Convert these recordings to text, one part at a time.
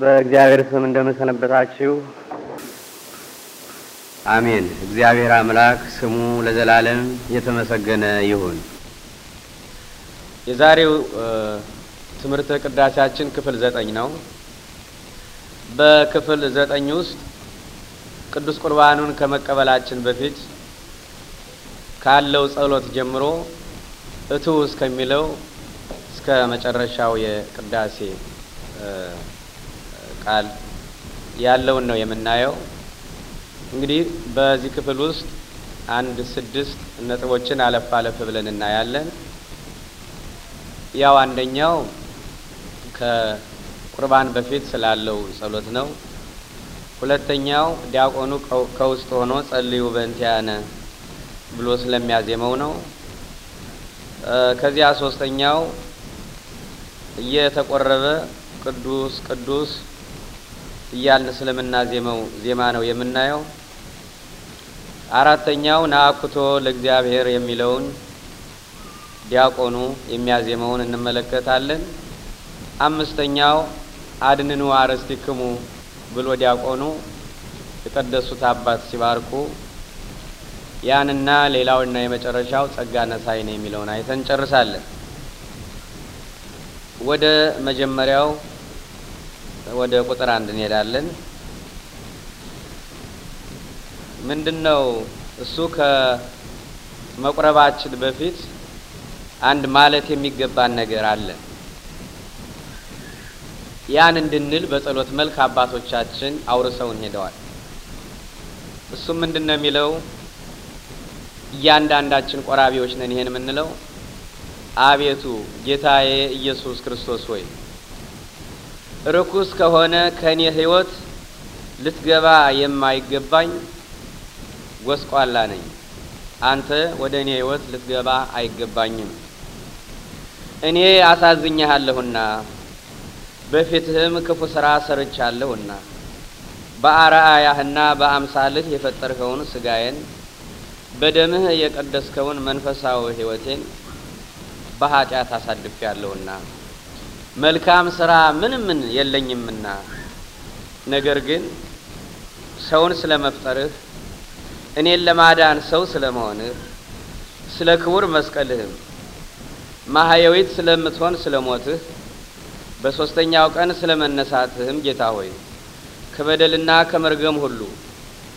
በእግዚአብሔር ስም እንደምንሰነበታችሁ። አሜን። እግዚአብሔር አምላክ ስሙ ለዘላለም የተመሰገነ ይሁን። የዛሬው ትምህርተ ቅዳሴያችን ክፍል ዘጠኝ ነው። በክፍል ዘጠኝ ውስጥ ቅዱስ ቁርባኑን ከመቀበላችን በፊት ካለው ጸሎት ጀምሮ እቱ እስከሚለው እስከ መጨረሻው የቅዳሴ ቃል ያለውን ነው የምናየው። እንግዲህ በዚህ ክፍል ውስጥ አንድ ስድስት ነጥቦችን አለፍ አለፍ ብለን እናያለን። ያው አንደኛው ከቁርባን በፊት ስላለው ጸሎት ነው። ሁለተኛው ዲያቆኑ ከውስጥ ሆኖ ጸልዩ በእንቲያነ ብሎ ስለሚያዜመው ነው። ከዚያ ሶስተኛው እየተቆረበ ቅዱስ ቅዱስ እያልን ስለምና ዜመው ዜማ ነው የምናየው። አራተኛው ናአኩቶ ለእግዚአብሔር የሚለውን ዲያቆኑ የሚያዜመውን እንመለከታለን። አምስተኛው አድንኑ ክሙ ብሎ ዲያቆኑ የቀደሱት አባት ሲባርኩ ያንና ሌላውና የመጨረሻው ነሳይ ነው የሚለውን አይተን እንጨርሳለን። ወደ መጀመሪያው ወደ ቁጥር አንድ እንሄዳለን። ምንድን ነው እሱ ከመቁረባችን በፊት አንድ ማለት የሚገባን ነገር አለ። ያን እንድንል በጸሎት መልክ አባቶቻችን አውርሰውን ሄደዋል። እሱም ምንድን ነው የሚለው እያንዳንዳችን ቆራቢዎች ነን። ይሄን የምንለው አቤቱ ጌታዬ ኢየሱስ ክርስቶስ ሆይ ርኩስ ከሆነ ከእኔ ህይወት ልትገባ የማይገባኝ ጎስቋላ ነኝ። አንተ ወደ እኔ ህይወት ልትገባ አይገባኝም። እኔ አሳዝኜሃለሁና በፊትህም ክፉ ሥራ ሰርቻለሁና በአርአያህና በአምሳልህ የፈጠርኸውን ስጋዬን በደምህ የቀደስከውን መንፈሳዊ ህይወቴን በኃጢአት አሳልፌያለሁና መልካም ስራ ምን ምን የለኝምና፣ ነገር ግን ሰውን ስለመፍጠርህ እኔን ለማዳን ሰው ስለመሆንህ ስለ ክቡር መስቀልህም ማህየዊት ስለምትሆን ስለሞትህ በሶስተኛው ቀን ስለመነሳትህም ጌታ ሆይ ከበደልና ከመርገም ሁሉ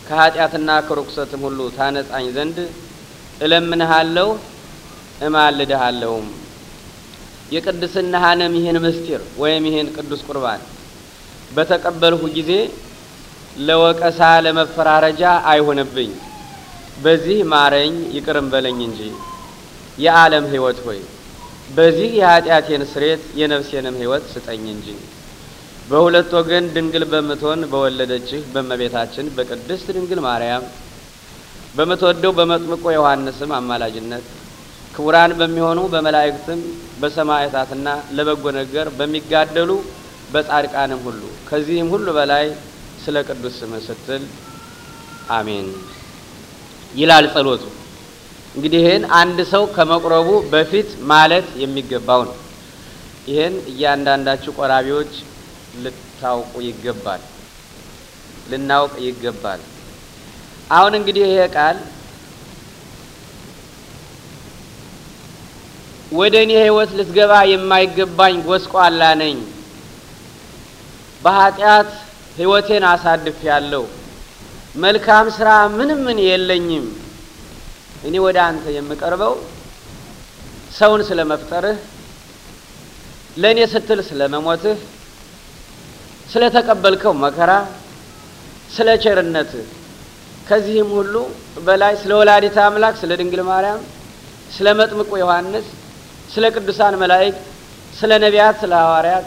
ከኀጢአትና ከርኩሰትም ሁሉ ታነጻኝ ዘንድ እለምንሃለሁ እማልድሃለሁም። የቅድስና ሀነም ይህን ምስጢር ወይም ይህን ቅዱስ ቁርባን በተቀበልሁ ጊዜ ለወቀሳ ለመፈራረጃ አይሆንብኝ፣ በዚህ ማረኝ ይቅርም በለኝ እንጂ የዓለም ሕይወት ሆይ በዚህ የኃጢአቴን ስሬት የነፍሴንም ሕይወት ስጠኝ እንጂ በሁለት ወገን ድንግል በምትሆን በወለደችህ በእመቤታችን በቅድስት ድንግል ማርያም በምትወደው በመጥምቆ ዮሐንስም አማላጅነት ክቡራን በሚሆኑ በመላእክትም በሰማዕታትና ለበጎ ነገር በሚጋደሉ በጻድቃንም ሁሉ ከዚህም ሁሉ በላይ ስለ ቅዱስ ስም ስትል አሜን ይላል ጸሎቱ። እንግዲህ ይህን አንድ ሰው ከመቁረቡ በፊት ማለት የሚገባው ነው። ይህን እያንዳንዳችሁ ቆራቢዎች ልታውቁ ይገባል፣ ልናውቅ ይገባል። አሁን እንግዲህ ይሄ ቃል ወደ እኔ ህይወት ልትገባ የማይገባኝ ጎስቋላ ነኝ። በኃጢአት ህይወቴን አሳድፍ ያለው መልካም ስራ ምንም ምን የለኝም። እኔ ወደ አንተ የምቀርበው ሰውን ስለ መፍጠርህ፣ ለእኔ ስትል ስለ መሞትህ፣ ስለ ተቀበልከው መከራ፣ ስለ ቸርነትህ ከዚህም ሁሉ በላይ ስለ ወላዲተ አምላክ ስለ ድንግል ማርያም ስለ መጥምቁ ዮሐንስ ስለ ቅዱሳን መላእክት፣ ስለ ነቢያት፣ ስለ ሐዋርያት፣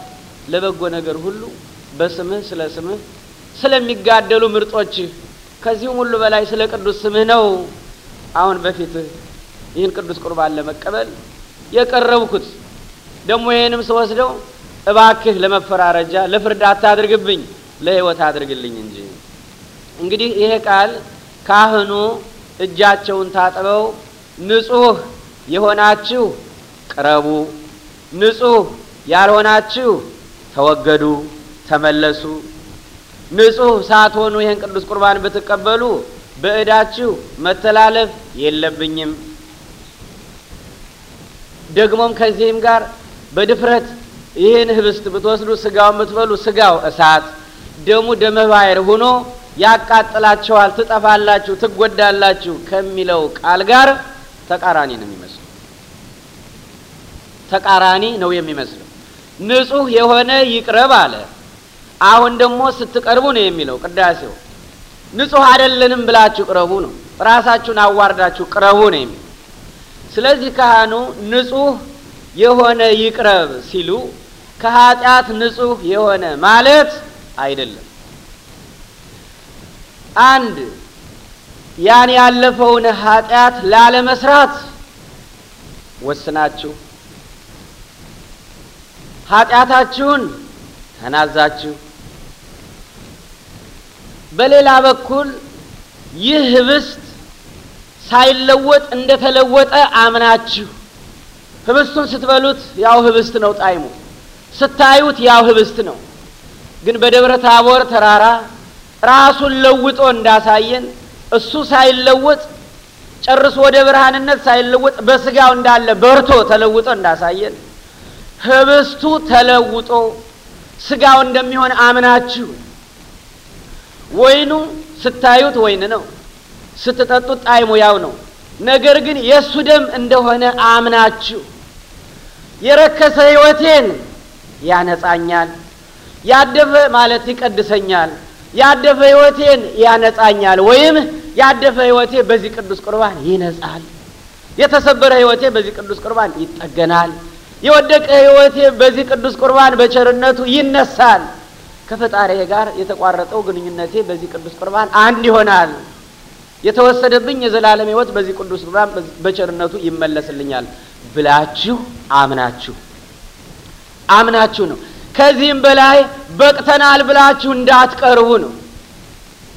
ለበጎ ነገር ሁሉ በስምህ ስለ ስምህ ስለሚጋደሉ ምርጦችህ ከዚህም ሁሉ በላይ ስለ ቅዱስ ስምህ ነው አሁን በፊትህ ይህን ቅዱስ ቁርባን ለመቀበል የቀረብኩት። ደግሞ ይህንም ስወስደው እባክህ ለመፈራረጃ ለፍርድ አታድርግብኝ፣ ለህይወት አድርግልኝ እንጂ። እንግዲህ ይሄ ቃል ካህኑ እጃቸውን ታጥበው ንጹህ የሆናችሁ ቅረቡ፣ ንጹህ ያልሆናችሁ ተወገዱ፣ ተመለሱ። ንጹሕ ሳትሆኑ ይህን ቅዱስ ቁርባን ብትቀበሉ በእዳችሁ መተላለፍ የለብኝም። ደግሞም ከዚህም ጋር በድፍረት ይህን ህብስት ብትወስዱ ስጋውን ብትበሉ ስጋው እሳት ደሙ ደመ ባሕር ሆኖ ያቃጥላቸዋል፣ ትጠፋላችሁ፣ ትጎዳላችሁ ከሚለው ቃል ጋር ተቃራኒ ነው የሚመስለው። ተቃራኒ ነው የሚመስለው። ንጹህ የሆነ ይቅረብ አለ። አሁን ደግሞ ስትቀርቡ ነው የሚለው ቅዳሴው። ንጹህ አይደለንም ብላችሁ ቅረቡ ነው፣ ራሳችሁን አዋርዳችሁ ቅረቡ ነው የሚለው። ስለዚህ ካህኑ ንጹህ የሆነ ይቅረብ ሲሉ ከኃጢአት ንጹህ የሆነ ማለት አይደለም። አንድ ያን ያለፈውን ኃጢአት ላለመስራት ወስናችሁ ኃጢአታችሁን ተናዛችሁ በሌላ በኩል ይህ ህብስት ሳይለወጥ እንደተለወጠ አምናችሁ ህብስቱን ስትበሉት ያው ህብስት ነው ጣይሙ ስታዩት ያው ህብስት ነው። ግን በደብረ ታቦር ተራራ ራሱን ለውጦ እንዳሳየን እሱ ሳይለወጥ ጨርሶ ወደ ብርሃንነት ሳይለወጥ በስጋው እንዳለ በርቶ ተለውጦ እንዳሳየን ህብስቱ ተለውጦ ስጋው እንደሚሆን አምናችሁ ወይኑ ስታዩት ወይን ነው፣ ስትጠጡት ጣዕሙ ያው ነው። ነገር ግን የእሱ ደም እንደሆነ አምናችሁ የረከሰ ህይወቴን ያነጻኛል፣ ያደፈ ማለት ይቀድሰኛል፣ ያደፈ ህይወቴን ያነጻኛል፣ ወይም ያደፈ ህይወቴ በዚህ ቅዱስ ቁርባን ይነጻል፣ የተሰበረ ህይወቴ በዚህ ቅዱስ ቁርባን ይጠገናል የወደቀ ህይወቴ በዚህ ቅዱስ ቁርባን በቸርነቱ ይነሳል። ከፈጣሪ ጋር የተቋረጠው ግንኙነቴ በዚህ ቅዱስ ቁርባን አንድ ይሆናል። የተወሰደብኝ የዘላለም ህይወት በዚህ ቅዱስ ቁርባን በቸርነቱ ይመለስልኛል ብላችሁ አምናችሁ አምናችሁ ነው። ከዚህም በላይ በቅተናል ብላችሁ እንዳትቀርቡ ነው።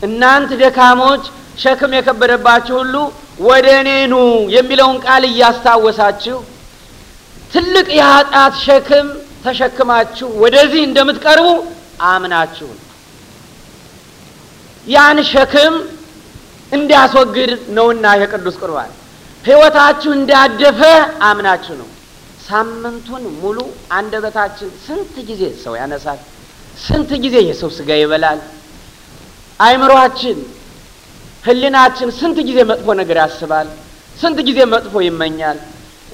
እናንት ደካሞች፣ ሸክም የከበደባችሁ ሁሉ ወደ እኔ ኑ የሚለውን ቃል እያስታወሳችሁ ትልቅ የኃጢአት ሸክም ተሸክማችሁ ወደዚህ እንደምትቀርቡ አምናችሁ ያን ሸክም እንዲያስወግድ ነውና የቅዱስ ቁርባን ህይወታችሁ እንዳደፈ አምናችሁ ነው። ሳምንቱን ሙሉ አንደበታችን ስንት ጊዜ ሰው ያነሳል፣ ስንት ጊዜ የሰው ስጋ ይበላል። አይምሯችን፣ ህሊናችን ስንት ጊዜ መጥፎ ነገር ያስባል፣ ስንት ጊዜ መጥፎ ይመኛል።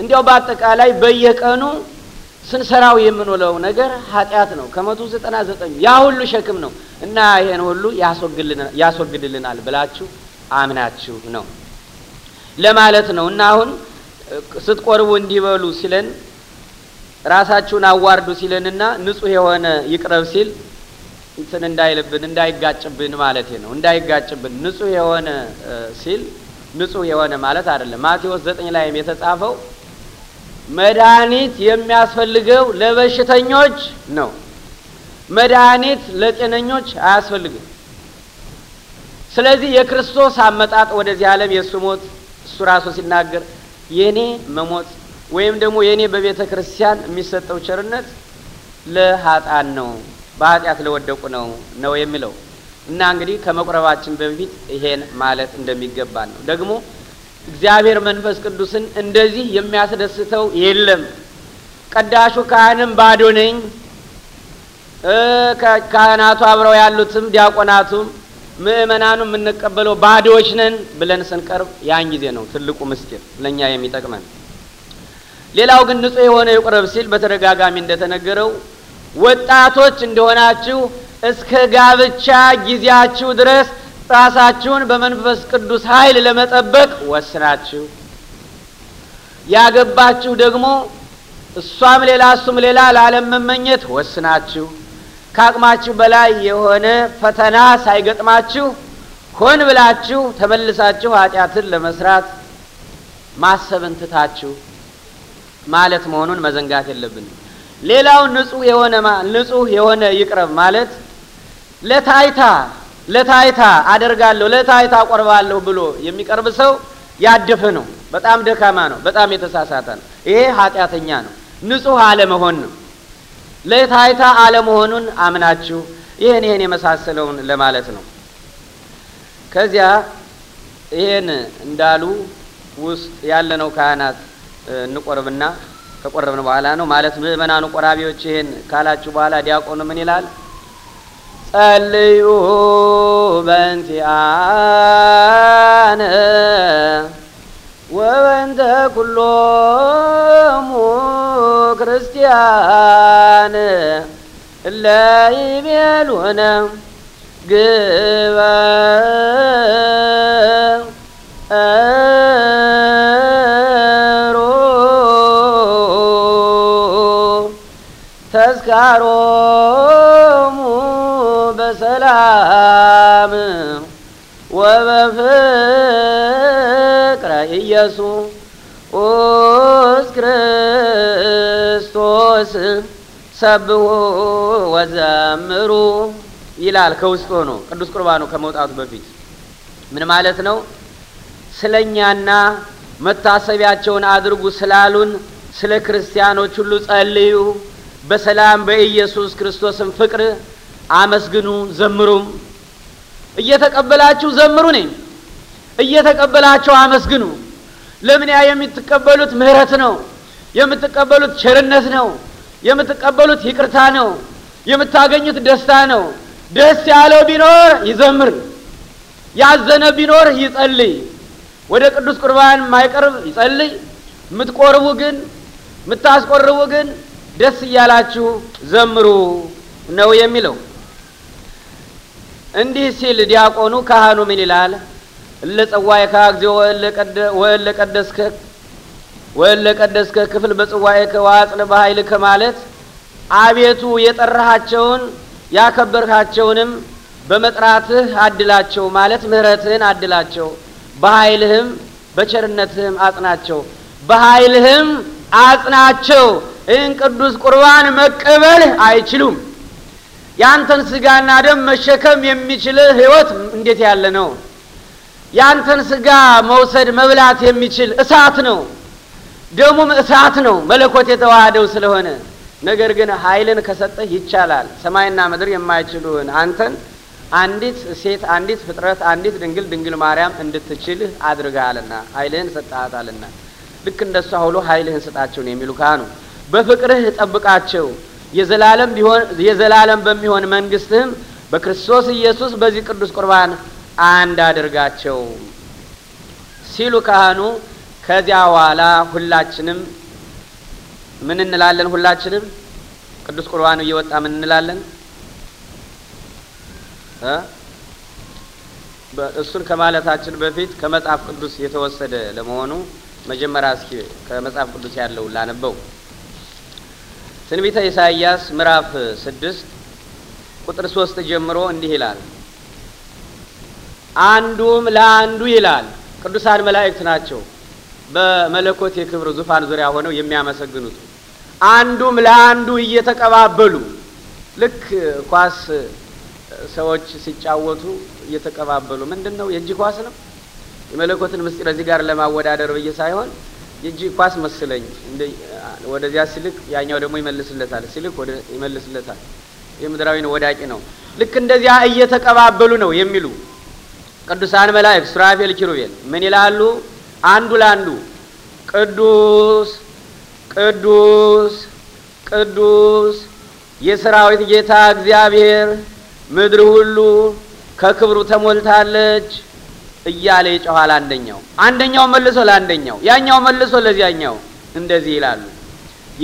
እንዲያው በአጠቃላይ በየቀኑ ስንሰራው የምንውለው ነገር ኃጢአት ነው። ከመቶ ዘጠና ዘጠኝ ያ ሁሉ ሸክም ነው እና ይሄን ሁሉ ያስወግድልናል ብላችሁ አምናችሁ ነው ለማለት ነው። እና አሁን ስትቆርቡ እንዲበሉ ሲለን ራሳችሁን አዋርዱ ሲለንና ንጹህ የሆነ ይቅረብ ሲል እንትን እንዳይልብን እንዳይጋጭብን ማለት ነው። እንዳይጋጭብን ንጹህ የሆነ ሲል ንጹህ የሆነ ማለት አይደለም። ማቴዎስ ዘጠኝ ላይም የተጻፈው መድኃኒት የሚያስፈልገው ለበሽተኞች ነው። መድኃኒት ለጤነኞች አያስፈልግም። ስለዚህ የክርስቶስ አመጣጥ ወደዚህ ዓለም የእሱ ሞት እሱ ራሱ ሲናገር የእኔ መሞት ወይም ደግሞ የእኔ በቤተ ክርስቲያን የሚሰጠው ቸርነት ለሀጣን ነው፣ በኃጢአት ለወደቁ ነው ነው የሚለው እና እንግዲህ ከመቁረባችን በፊት ይሄን ማለት እንደሚገባ ነው ደግሞ እግዚአብሔር መንፈስ ቅዱስን እንደዚህ የሚያስደስተው የለም። ቀዳሹ ካህንም ባዶ ነኝ፣ ካህናቱ አብረው ያሉትም ዲያቆናቱም ምእመናኑ የምንቀበለው ባዶዎች ነን ብለን ስንቀርብ ያን ጊዜ ነው ትልቁ ምስጢር ለእኛ የሚጠቅመን። ሌላው ግን ንጹሕ የሆነ ይቁረብ ሲል በተደጋጋሚ እንደተነገረው ወጣቶች እንደሆናችሁ እስከ ጋብቻ ጊዜያችሁ ድረስ ራሳችሁን በመንፈስ ቅዱስ ኃይል ለመጠበቅ ወስናችሁ ያገባችሁ ደግሞ እሷም ሌላ እሱም ሌላ ለዓለም መመኘት ወስናችሁ ከአቅማችሁ በላይ የሆነ ፈተና ሳይገጥማችሁ ሆን ብላችሁ ተመልሳችሁ ኃጢአትን ለመስራት ማሰብን ትታችሁ ማለት መሆኑን መዘንጋት የለብንም። ሌላው ንጹህ የሆነ ንጹህ የሆነ ይቅረብ ማለት ለታይታ ለታይታ አደርጋለሁ ለታይታ አቆርባለሁ ብሎ የሚቀርብ ሰው ያደፈ ነው። በጣም ደካማ ነው። በጣም የተሳሳተ ነው። ይሄ ኃጢአተኛ ነው። ንጹሕ አለመሆን ነው። ለታይታ አለመሆኑን አምናችሁ ይህን ይህን የመሳሰለውን ለማለት ነው። ከዚያ ይህን እንዳሉ ውስጥ ያለነው ካህናት እንቆርብና ከቆረብን በኋላ ነው ማለት ምእመናኑ ቆራቢዎች ይህን ካላችሁ በኋላ ዲያቆኑ ምን ይላል? ጸልዩ በእንቲአነ ወበንተ ኩሎሙ ክርስቲያን እለ ይቤሉነ ግበ ተስካሮ በፍቅረ ኢየሱስ ክርስቶስ ሰብሆ ወዘምሩ ይላል። ከውስጥ ሆኖ ቅዱስ ቁርባኑ ከመውጣቱ በፊት ምን ማለት ነው? ስለኛና መታሰቢያቸውን አድርጉ ስላሉን ስለ ክርስቲያኖች ሁሉ ጸልዩ፣ በሰላም በኢየሱስ ክርስቶስም ፍቅር አመስግኑ ዘምሩም እየተቀበላችሁ ዘምሩ ነኝ እየተቀበላችሁ አመስግኑ። ለምን ያ የምትቀበሉት ምህረት ነው፣ የምትቀበሉት ቸርነት ነው፣ የምትቀበሉት ይቅርታ ነው፣ የምታገኙት ደስታ ነው። ደስ ያለው ቢኖር ይዘምር፣ ያዘነ ቢኖር ይጸልይ። ወደ ቅዱስ ቁርባን ማይቀርብ ይጸልይ። የምትቆርቡ ግን የምታስቆርቡ ግን ደስ እያላችሁ ዘምሩ ነው የሚለው። እንዲህ ሲል ዲያቆኑ ካህኑ ምን ይላል? እለ ጸዋዬ ከአግዚኦ ወእለ ቀደስከ ወእለ ቀደስከ ክፍል በጽዋዬ ከዋጽን በኃይል ከማለት አቤቱ የጠራሃቸውን ያከበርካቸውንም በመጥራትህ አድላቸው ማለት ምሕረትህን አድላቸው፣ በኃይልህም በቸርነትህም አጽናቸው፣ በኃይልህም አጽናቸው። ይህን ቅዱስ ቁርባን መቀበል አይችሉም። ያንተን ስጋና ደም መሸከም የሚችል ህይወት እንዴት ያለ ነው! ያንተን ስጋ መውሰድ መብላት የሚችል እሳት ነው። ደሙም እሳት ነው፣ መለኮት የተዋህደው ስለሆነ። ነገር ግን ኃይልን ከሰጠህ ይቻላል። ሰማይና ምድር የማይችሉን አንተን አንዲት ሴት፣ አንዲት ፍጥረት፣ አንዲት ድንግል ድንግል ማርያም እንድትችልህ አድርገሃልና ሀይልህን ሰጥሃታልና ልክ እንደሷ ሁሉ ሀይልህን ስጣቸው ነው የሚሉ ካህኑ። በፍቅርህ ጠብቃቸው የዘላለም ቢሆን የዘላለም በሚሆን መንግስትህም በክርስቶስ ኢየሱስ በዚህ ቅዱስ ቁርባን አንድ አድርጋቸው ሲሉ ካህኑ ከዚያ በኋላ ሁላችንም ምን እንላለን? ሁላችንም ቅዱስ ቁርባኑ እየወጣ ምን እንላለን? እሱን ከማለታችን በፊት ከመጽሐፍ ቅዱስ የተወሰደ ለመሆኑ መጀመሪያ እስኪ ከመጽሐፍ ቅዱስ ያለው ላነበው። ትንቢተ ኢሳይያስ ምዕራፍ ስድስት ቁጥር ሶስት ጀምሮ እንዲህ ይላል። አንዱም ለአንዱ ይላል ቅዱሳን መላእክት ናቸው በመለኮት የክብር ዙፋን ዙሪያ ሆነው የሚያመሰግኑት አንዱም ለአንዱ እየተቀባበሉ ልክ ኳስ ሰዎች ሲጫወቱ እየተቀባበሉ ምንድን ነው የእጅ ኳስ ነው የመለኮትን ምስጢር እዚህ ጋር ለማወዳደር ብዬ ሳይሆን የእጅ ኳስ መሰለኝ ወደዚያ ሲልክ ያኛው ደግሞ ይመልስለታል፣ ሲልክ ይመልስለታል። የምድራዊ ነው፣ ወዳቂ ነው። ልክ እንደዚያ እየተቀባበሉ ነው የሚሉ ቅዱሳን መላእክት ሱራፌል፣ ኪሩቤል ምን ይላሉ? አንዱ ለአንዱ ቅዱስ ቅዱስ ቅዱስ የሰራዊት ጌታ እግዚአብሔር ምድር ሁሉ ከክብሩ ተሞልታለች። እያለ ይጮኋል። አንደኛው አንደኛው መልሶ ለአንደኛው ያኛው መልሶ ለዚያኛው እንደዚህ ይላሉ።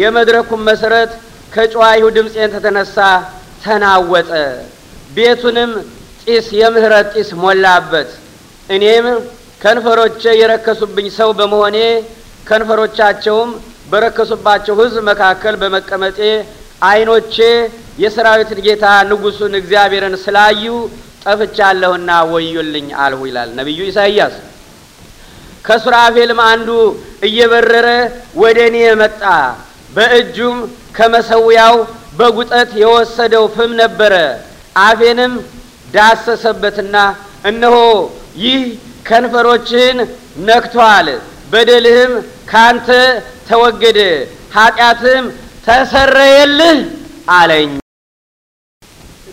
የመድረኩን መሰረት ከጮኋይሁ ድምፅ ተተነሳ ተናወጠ። ቤቱንም ጢስ የምህረት ጢስ ሞላበት። እኔም ከንፈሮቼ የረከሱብኝ ሰው በመሆኔ ከንፈሮቻቸውም በረከሱባቸው ሕዝብ መካከል በመቀመጤ አይኖቼ የሰራዊትን ጌታ ንጉሱን እግዚአብሔርን ስላዩ ጠፍቻለሁና ወዮልኝ አልሁ ይላል ነቢዩ ኢሳይያስ። ከሱራፌልም አንዱ እየበረረ ወደ እኔ መጣ። በእጁም ከመሰዊያው በጉጠት የወሰደው ፍም ነበረ። አፌንም ዳሰሰበትና እነሆ ይህ ከንፈሮችህን ነክቷል፣ በደልህም ካንተ ተወገደ፣ ኃጢአትም ተሰረየልህ አለኝ።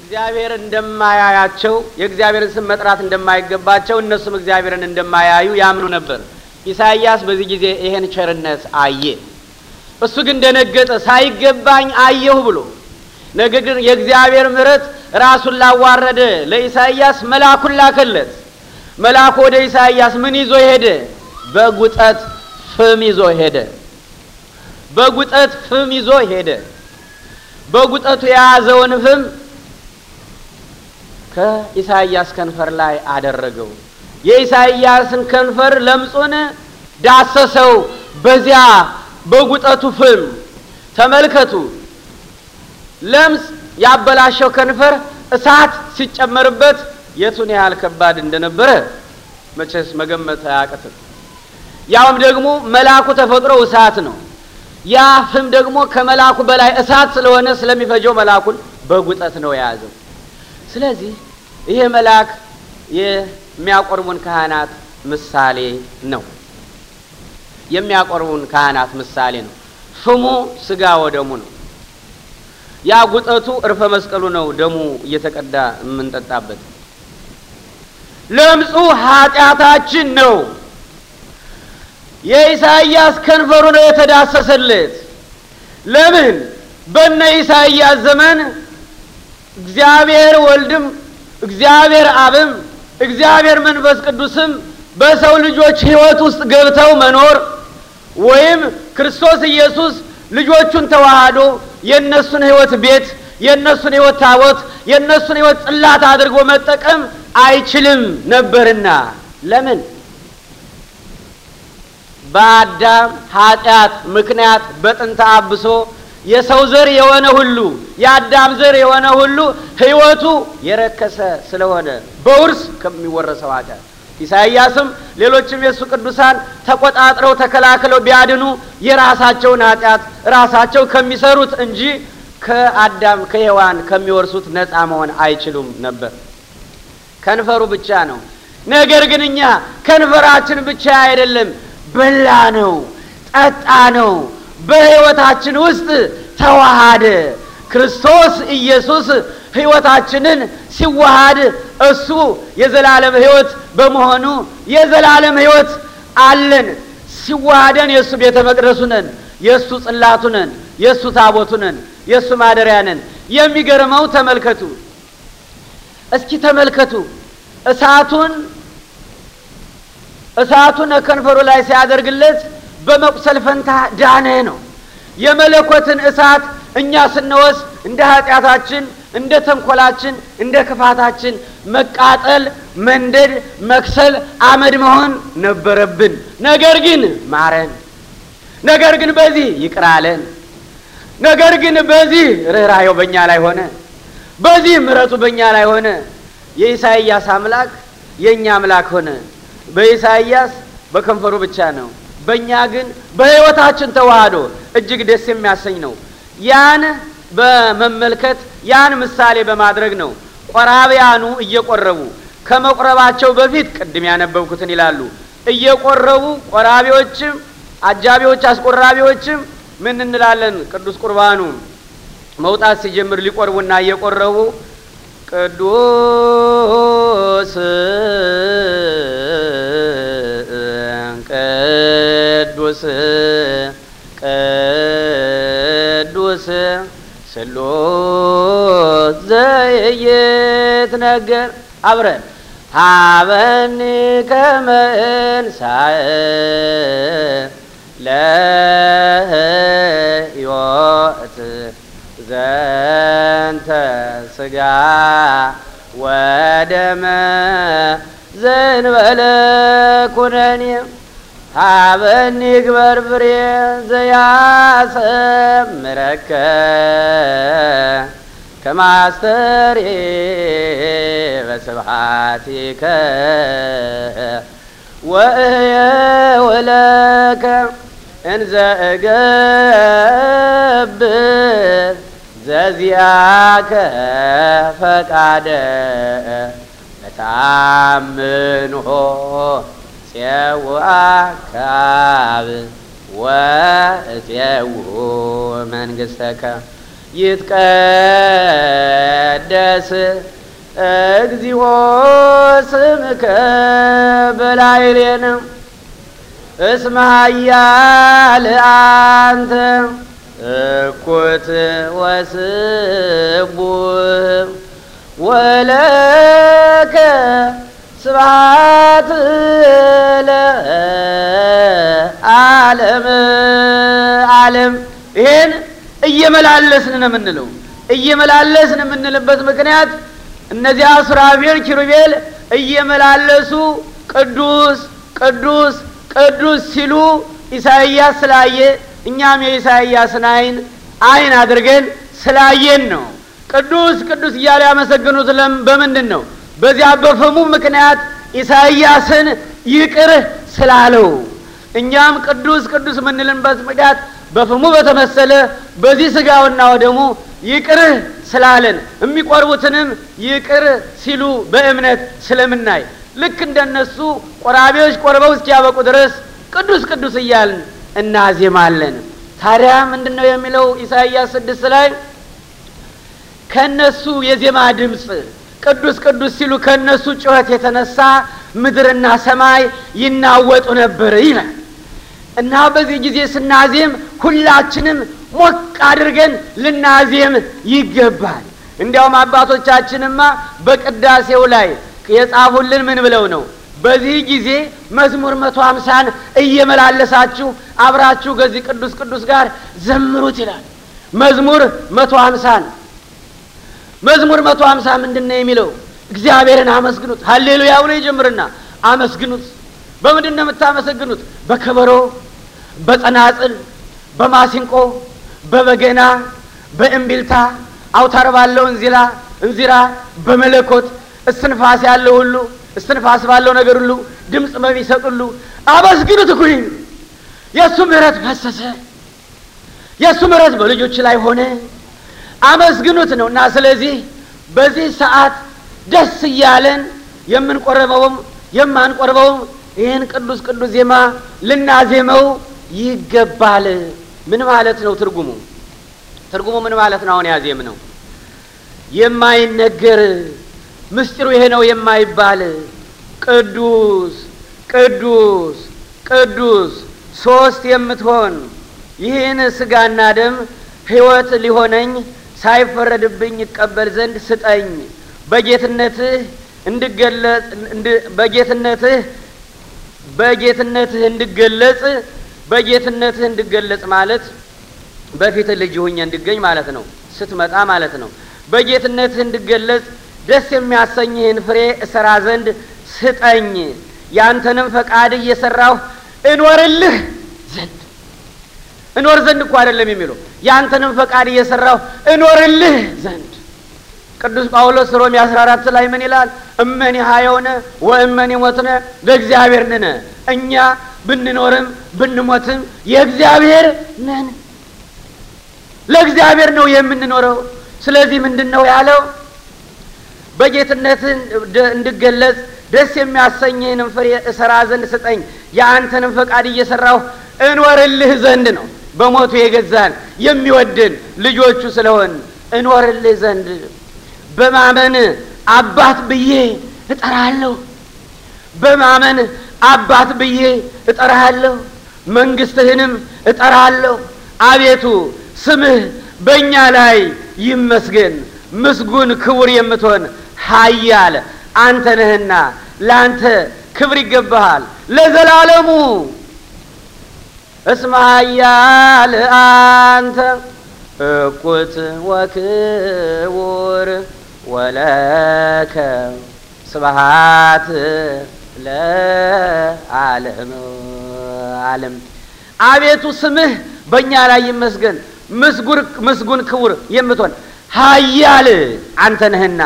እግዚአብሔር እንደማያያቸው የእግዚአብሔርን ስም መጥራት እንደማይገባቸው እነሱም እግዚአብሔርን እንደማያዩ ያምኑ ነበር። ኢሳይያስ በዚህ ጊዜ ይሄን ቸርነት አየ። እሱ ግን ደነገጠ። ሳይገባኝ አየሁ ብሎ ነገር ግን የእግዚአብሔር ምሕረት ራሱን ላዋረደ ለኢሳይያስ መልአኩን ላከለት። መልአኩ ወደ ኢሳይያስ ምን ይዞ ሄደ? በጉጠት ፍም ይዞ ሄደ። በጉጠት ፍም ይዞ ሄደ። በጉጠቱ የያዘውን ፍም ከኢሳይያስ ከንፈር ላይ አደረገው። የኢሳይያስን ከንፈር ለምጹን ዳሰሰው። በዚያ በጉጠቱ ፍም ተመልከቱ። ለምጽ ያበላሸው ከንፈር እሳት ሲጨመርበት የቱን ያህል ከባድ እንደነበረ መቼስ መገመት አያቅትም። ያውም ደግሞ መልአኩ ተፈጥሮ እሳት ነው። ያ ፍም ደግሞ ከመልአኩ በላይ እሳት ስለሆነ ስለሚፈጀው መላኩን በጉጠት ነው የያዘው። ስለዚህ ይህ መልአክ የሚያቆርቡን ካህናት ምሳሌ ነው። የሚያቆርቡን ካህናት ምሳሌ ነው። ስሙ ስጋ ወደሙ ነው። ያ ጉጠቱ እርፈ መስቀሉ ነው። ደሙ እየተቀዳ የምንጠጣበት ለምጹ ኃጢአታችን ነው። የኢሳይያስ ከንፈሩ ነው የተዳሰሰለት። ለምን በነ ኢሳይያስ ዘመን እግዚአብሔር ወልድም እግዚአብሔር አብም እግዚአብሔር መንፈስ ቅዱስም በሰው ልጆች ህይወት ውስጥ ገብተው መኖር ወይም ክርስቶስ ኢየሱስ ልጆቹን ተዋህዶ የእነሱን ህይወት ቤት የእነሱን ህይወት ታቦት የእነሱን ህይወት ጽላት አድርጎ መጠቀም አይችልም ነበርና ለምን? በአዳም ኃጢአት ምክንያት በጥንተ አብሶ የሰው ዘር የሆነ ሁሉ የአዳም ዘር የሆነ ሁሉ ህይወቱ የረከሰ ስለሆነ በውርስ ከሚወረሰው ኃጢአት ኢሳይያስም ሌሎችም የእሱ ቅዱሳን ተቆጣጥረው ተከላክለው ቢያድኑ የራሳቸውን ኃጢአት ራሳቸው ከሚሰሩት እንጂ ከአዳም ከሔዋን ከሚወርሱት ነፃ መሆን አይችሉም ነበር። ከንፈሩ ብቻ ነው። ነገር ግን እኛ ከንፈራችን ብቻ አይደለም፣ በላ ነው፣ ጠጣ ነው በሕይወታችን ውስጥ ተዋሃደ። ክርስቶስ ኢየሱስ ሕይወታችንን ሲዋሃድ እሱ የዘላለም ሕይወት በመሆኑ የዘላለም ሕይወት አለን። ሲዋሃደን የእሱ ቤተ መቅደሱ ነን፣ የእሱ ጽላቱ ነን፣ የእሱ ታቦቱ ነን፣ የእሱ ማደሪያ ነን። የሚገርመው ተመልከቱ እስኪ ተመልከቱ እሳቱን እሳቱን ከንፈሩ ላይ ሲያደርግለት በመቁሰል ፈንታ ዳነ ነው። የመለኮትን እሳት እኛ ስንወስድ እንደ ኃጢአታችን፣ እንደ ተንኮላችን፣ እንደ ክፋታችን መቃጠል፣ መንደድ፣ መክሰል፣ አመድ መሆን ነበረብን። ነገር ግን ማረን። ነገር ግን በዚህ ይቅራለን ነገር ግን በዚህ ርኅራየው በእኛ ላይ ሆነ። በዚህ ምረቱ በእኛ ላይ ሆነ። የኢሳይያስ አምላክ የእኛ አምላክ ሆነ። በኢሳይያስ በከንፈሩ ብቻ ነው በእኛ ግን በህይወታችን ተዋህዶ እጅግ ደስ የሚያሰኝ ነው። ያን በመመልከት ያን ምሳሌ በማድረግ ነው ቆራቢያኑ እየቆረቡ ከመቁረባቸው በፊት ቅድም ያነበብኩትን ይላሉ እየቆረቡ ቆራቢዎችም አጃቢዎች አስቆራቢዎችም ምን እንላለን? ቅዱስ ቁርባኑ መውጣት ሲጀምር ሊቆርቡና እየቆረቡ ቅዱስ ቅዱስ ቅዱስ ስሉስ ነገር አብረን ሀበኒ ከመንሳኤ ለህይወት ዘንተ ስጋ ወደመ ዘንበለ ኩነኔ هابني كبر بريز يا سمرك كما سري بسبحاتك وإيا ولك إن زقب زازياك فقعد نتعمنه እፄውአ ከአብ መንግስተከ ይትቀደስ እግዚኦ ስምከ በላዕሌነ እስመ ኃያል አንተ እኩት ወስቡህ ወለከ ስብሐት ለዓለም ዓለም። ይሄን እየመላለስን ነው የምንለው። እየመላለስን የምንልበት ምክንያት እነዚያ ሱራፌል ኪሩቤል እየመላለሱ ቅዱስ ቅዱስ ቅዱስ ሲሉ ኢሳይያስ ስላየ እኛም የኢሳይያስን አይን አይን አድርገን ስላየን ነው። ቅዱስ ቅዱስ እያለ ያመሰግኑት በምንድን ነው? በዚያ በፍሙ ምክንያት ኢሳይያስን ይቅር ስላለው እኛም ቅዱስ ቅዱስ የምንልንበት ምክንያት በፍሙ በተመሰለ በዚህ ስጋውና ወደሙ ይቅርህ ስላለን የሚቆርቡትንም ይቅር ሲሉ በእምነት ስለምናይ ልክ እንደነሱ ቆራቢዎች ቆርበው እስኪያበቁ ድረስ ቅዱስ ቅዱስ እያልን እናዜማለን። ታዲያ ምንድን ነው የሚለው ኢሳይያስ ስድስት ላይ ከእነሱ የዜማ ድምፅ ቅዱስ ቅዱስ ሲሉ ከእነሱ ጩኸት የተነሳ ምድርና ሰማይ ይናወጡ ነበር ይላል እና በዚህ ጊዜ ስናዜም ሁላችንም ሞቅ አድርገን ልናዜም ይገባል። እንዲያውም አባቶቻችንማ በቅዳሴው ላይ የጻፉልን ምን ብለው ነው? በዚህ ጊዜ መዝሙር መቶ አምሳን እየመላለሳችሁ አብራችሁ ከዚህ ቅዱስ ቅዱስ ጋር ዘምሩት ይላል። መዝሙር መቶ አምሳን መዝሙር መቶ ሀምሳ ምንድን ነው የሚለው? እግዚአብሔርን አመስግኑት። ሀሌሉያ ብሎ ይጀምርና አመስግኑት። በምንድን ነው የምታመሰግኑት? በከበሮ፣ በጸናጽል፣ በማሲንቆ፣ በበገና፣ በእምቢልታ፣ አውታር ባለው እንዚላ እንዚራ፣ በመለኮት እስትንፋስ ያለው ሁሉ እስትንፋስ ባለው ነገር ሁሉ ድምፅ በሚሰጥ ሁሉ አመስግኑት። እኩኝ የእሱ ምረት ፈሰሰ። የእሱ ምረት በልጆች ላይ ሆነ። አመስግኑት ነው እና ስለዚህ በዚህ ሰዓት ደስ እያለን የምንቆርበውም የማንቆርበውም ይህን ቅዱስ ቅዱስ ዜማ ልናዜመው ይገባል። ምን ማለት ነው? ትርጉሙ ትርጉሙ ምን ማለት ነው? አሁን ያዜም ነው የማይነገር ምስጢሩ ይሄ ነው የማይባል ቅዱስ ቅዱስ ቅዱስ ሶስት የምትሆን ይህን ስጋና ደም ህይወት ሊሆነኝ ሳይፈረድብኝ ይቀበል ዘንድ ስጠኝ፣ በጌትነትህ እንድገለጽ በጌትነትህ በጌትነትህ እንድገለጽ በጌትነትህ እንድገለጽ ማለት በፊት ልጅ ሁኜ እንድገኝ ማለት ነው። ስትመጣ ማለት ነው። በጌትነትህ እንድገለጽ ደስ የሚያሰኝህን ፍሬ እሰራ ዘንድ ስጠኝ፣ ያንተንም ፈቃድ እየሰራሁ እኖርልህ ዘንድ እኖር ዘንድ እኮ አይደለም የሚለው ያንተንም ፈቃድ እየሰራሁ እኖርልህ ዘንድ። ቅዱስ ጳውሎስ ሮሜ 14 ላይ ምን ይላል? እመን ሀየውነ ወእመን ሞትነ ለእግዚአብሔር ንነ እኛ ብንኖርም ብንሞትም የእግዚአብሔር ነን። ለእግዚአብሔር ነው የምንኖረው። ስለዚህ ምንድን ነው ያለው? በጌትነትን እንድገለጽ ደስ የሚያሰኝህንም ፍሬ እሰራ ዘንድ ስጠኝ፣ የአንተንም ፈቃድ እየሰራሁ እኖርልህ ዘንድ ነው። በሞቱ የገዛን የሚወድን ልጆቹ ስለሆን እኖርልህ ዘንድ በማመን አባት ብዬ እጠራሃለሁ። በማመን አባት ብዬ እጠራሃለሁ፣ መንግሥትህንም እጠራሃለሁ። አቤቱ ስምህ በእኛ ላይ ይመስገን። ምስጉን ክቡር የምትሆን ኃያል አንተ ነህና ለአንተ ክብር ይገባሃል ለዘላለሙ እስመ ኃያል አንተ እቁት ወክቡር ወለከ ስብሃት ለዓለም ዓለም። አቤቱ ስምህ በእኛ ላይ ይመስገን፣ ምስጉን ክቡር የምትሆን ኃያል አንተ ነህና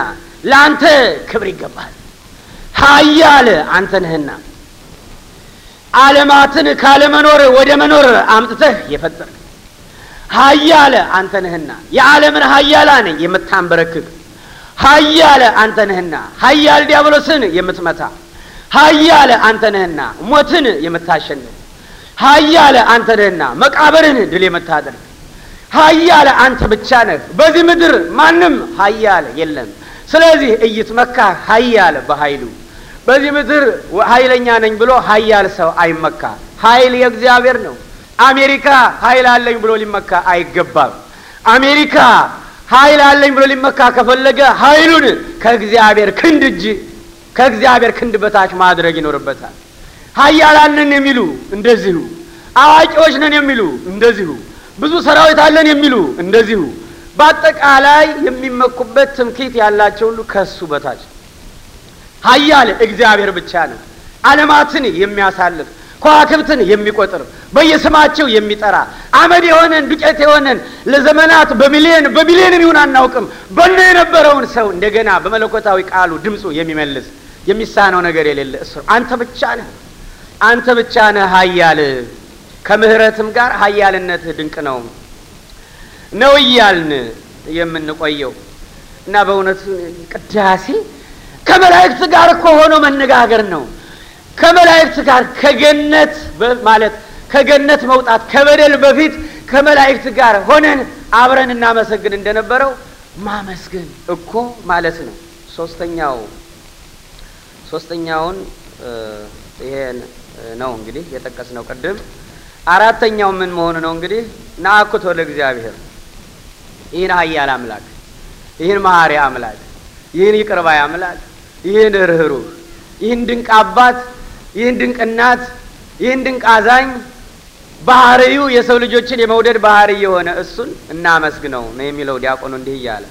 ለአንተ ክብር ይገባል። ኃያል አንተ ነህና ዓለማትን ካለመኖር ወደ መኖር አምጥተህ የፈጠርክ ሀያለ አንተ ነህና የዓለምን ነኝ የምታንበረክክ ሀያለ አንተ ነህና ሀያል ዲያብሎስን የምትመታ ሀያለ አንተ ነህና ሞትን የምታሸንፍ ሀያለ አንተ ነህና መቃብርን ድል የምታደርግ ሀያለ አንተ ብቻ ነህ። በዚህ ምድር ማንም ሀያል የለም። ስለዚህ እይት መካ ሀያል በኃይሉ በዚህ ምድር ኃይለኛ ነኝ ብሎ ሀያል ሰው አይመካ። ኃይል የእግዚአብሔር ነው። አሜሪካ ኃይል አለኝ ብሎ ሊመካ አይገባም። አሜሪካ ኃይል አለኝ ብሎ ሊመካ ከፈለገ ኃይሉን ከእግዚአብሔር ክንድ እጅ ከእግዚአብሔር ክንድ በታች ማድረግ ይኖርበታል። ሀያላን ነን የሚሉ እንደዚሁ፣ አዋቂዎች ነን የሚሉ እንደዚሁ፣ ብዙ ሰራዊት አለን የሚሉ እንደዚሁ፣ በአጠቃላይ የሚመኩበት ትምክህት ያላቸው ሁሉ ከሱ በታች ኃያል እግዚአብሔር ብቻ ነው። ዓለማትን የሚያሳልፍ ከዋክብትን የሚቆጥር በየስማቸው የሚጠራ አመድ የሆነን ዱቄት የሆነን ለዘመናት በሚሊዮን በሚሊዮን ይሁን አናውቅም በኖ የነበረውን ሰው እንደገና በመለኮታዊ ቃሉ ድምፁ የሚመልስ የሚሳነው ነገር የሌለ እሱ አንተ ብቻ ነህ። አንተ ብቻ ነህ ኃያል ከምህረትም ጋር ኃያልነትህ ድንቅ ነው ነው እያልን የምንቆየው እና በእውነቱ ቅዳሴ ከመላእክት ጋር እኮ ሆኖ መነጋገር ነው። ከመላእክት ጋር ከገነት ማለት ከገነት መውጣት ከበደል በፊት ከመላእክት ጋር ሆነን አብረን እናመሰግን እንደነበረው ማመስገን እኮ ማለት ነው። ሶስተኛው ሶስተኛውን ይሄን ነው እንግዲህ ነው ቅድም። አራተኛው ምን መሆኑ ነው እንግዲህ ናአኩቶ ለእግዚአብሔር ይህን ኃያል አምላክ ይህን መሐሪ አምላክ ይህን ይቅርባይ አምላክ ይህን ርኅሩህ፣ ይህን ድንቅ አባት፣ ይህን ድንቅ እናት፣ ይህን ድንቅ አዛኝ ባህሪው የሰው ልጆችን የመውደድ ባህሪ የሆነ እሱን እናመስግነው ነው የሚለው ዲያቆኑ እንዲህ እያለ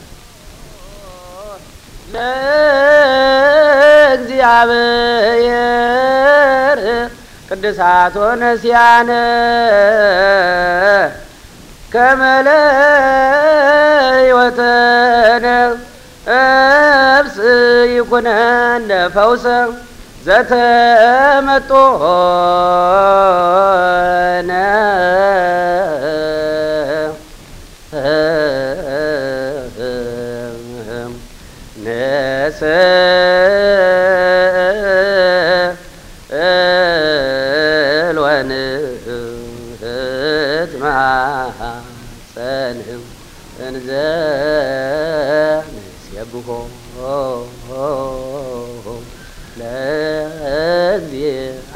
ለእግዚአብሔር ቅድሳት ሆነ ሲያነ ከመለ እብስ ይኩነነ ፈውሰ ዘተመጦነ ነሰ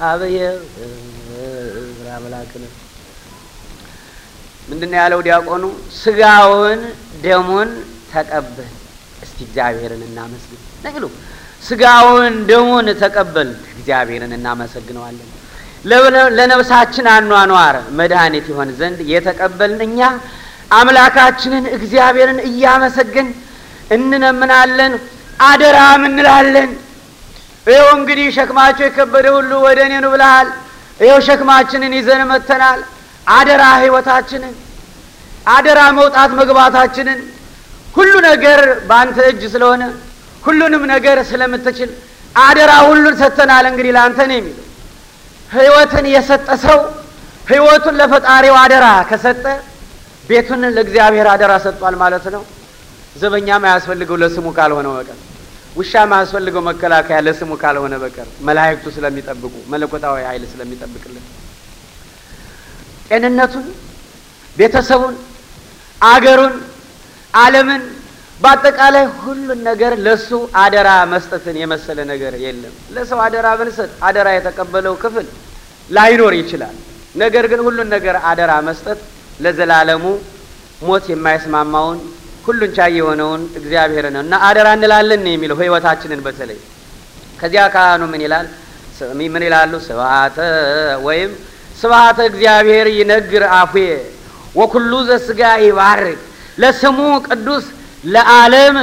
አበየ ብራምላክን ምንድን ነው ያለው ዲያቆኑ? ስጋውን ደሙን ተቀበል። እስቲ እግዚአብሔርን እናመስግን ነግሉ ስጋውን ደሙን ተቀበል። እግዚአብሔርን እናመሰግነዋለን። ለነብሳችን አኗኗር መድኃኒት ይሆን ዘንድ የተቀበልን እኛ አምላካችንን እግዚአብሔርን እያመሰገን እንነምናለን፣ አደራም እንላለን። ይኸው እንግዲህ ሸክማቸው የከበደ ሁሉ ወደ እኔ ኑ ብለሃል። ይኸው ሸክማችንን ይዘን መተናል። አደራ ህይወታችንን፣ አደራ መውጣት መግባታችንን፣ ሁሉ ነገር በአንተ እጅ ስለሆነ ሁሉንም ነገር ስለምትችል አደራ ሁሉን ሰጥተናል። እንግዲህ ለአንተ ነው የሚለው ህይወትን የሰጠ ሰው ህይወቱን ለፈጣሪው አደራ ከሰጠ ቤቱን ለእግዚአብሔር አደራ ሰጥቷል ማለት ነው። ዘበኛም አያስፈልገው ለስሙ ካልሆነ በቀር ውሻ ማስፈልገው መከላከያ ለስሙ ካልሆነ በቀር መላእክቱ ስለሚጠብቁ መለኮታዊ ኃይል ስለሚጠብቅልን ጤንነቱን፣ ቤተሰቡን፣ አገሩን፣ ዓለምን በአጠቃላይ ሁሉን ነገር ለሱ አደራ መስጠትን የመሰለ ነገር የለም። ለሰው አደራ ብንሰጥ አደራ የተቀበለው ክፍል ላይኖር ይችላል። ነገር ግን ሁሉን ነገር አደራ መስጠት ለዘላለሙ ሞት የማይስማማውን ሁሉን ቻይ የሆነውን እግዚአብሔር ነው እና አደራ እንላለን የሚለው ህይወታችንን በተለይ ከዚያ ካህኑ ምን ይላል ምን ይላሉ ስብሀተ ወይም ስብሀተ እግዚአብሔር ይነግር አፌ ወኩሉ ዘስጋ ይባርክ ለስሙ ቅዱስ ለአለም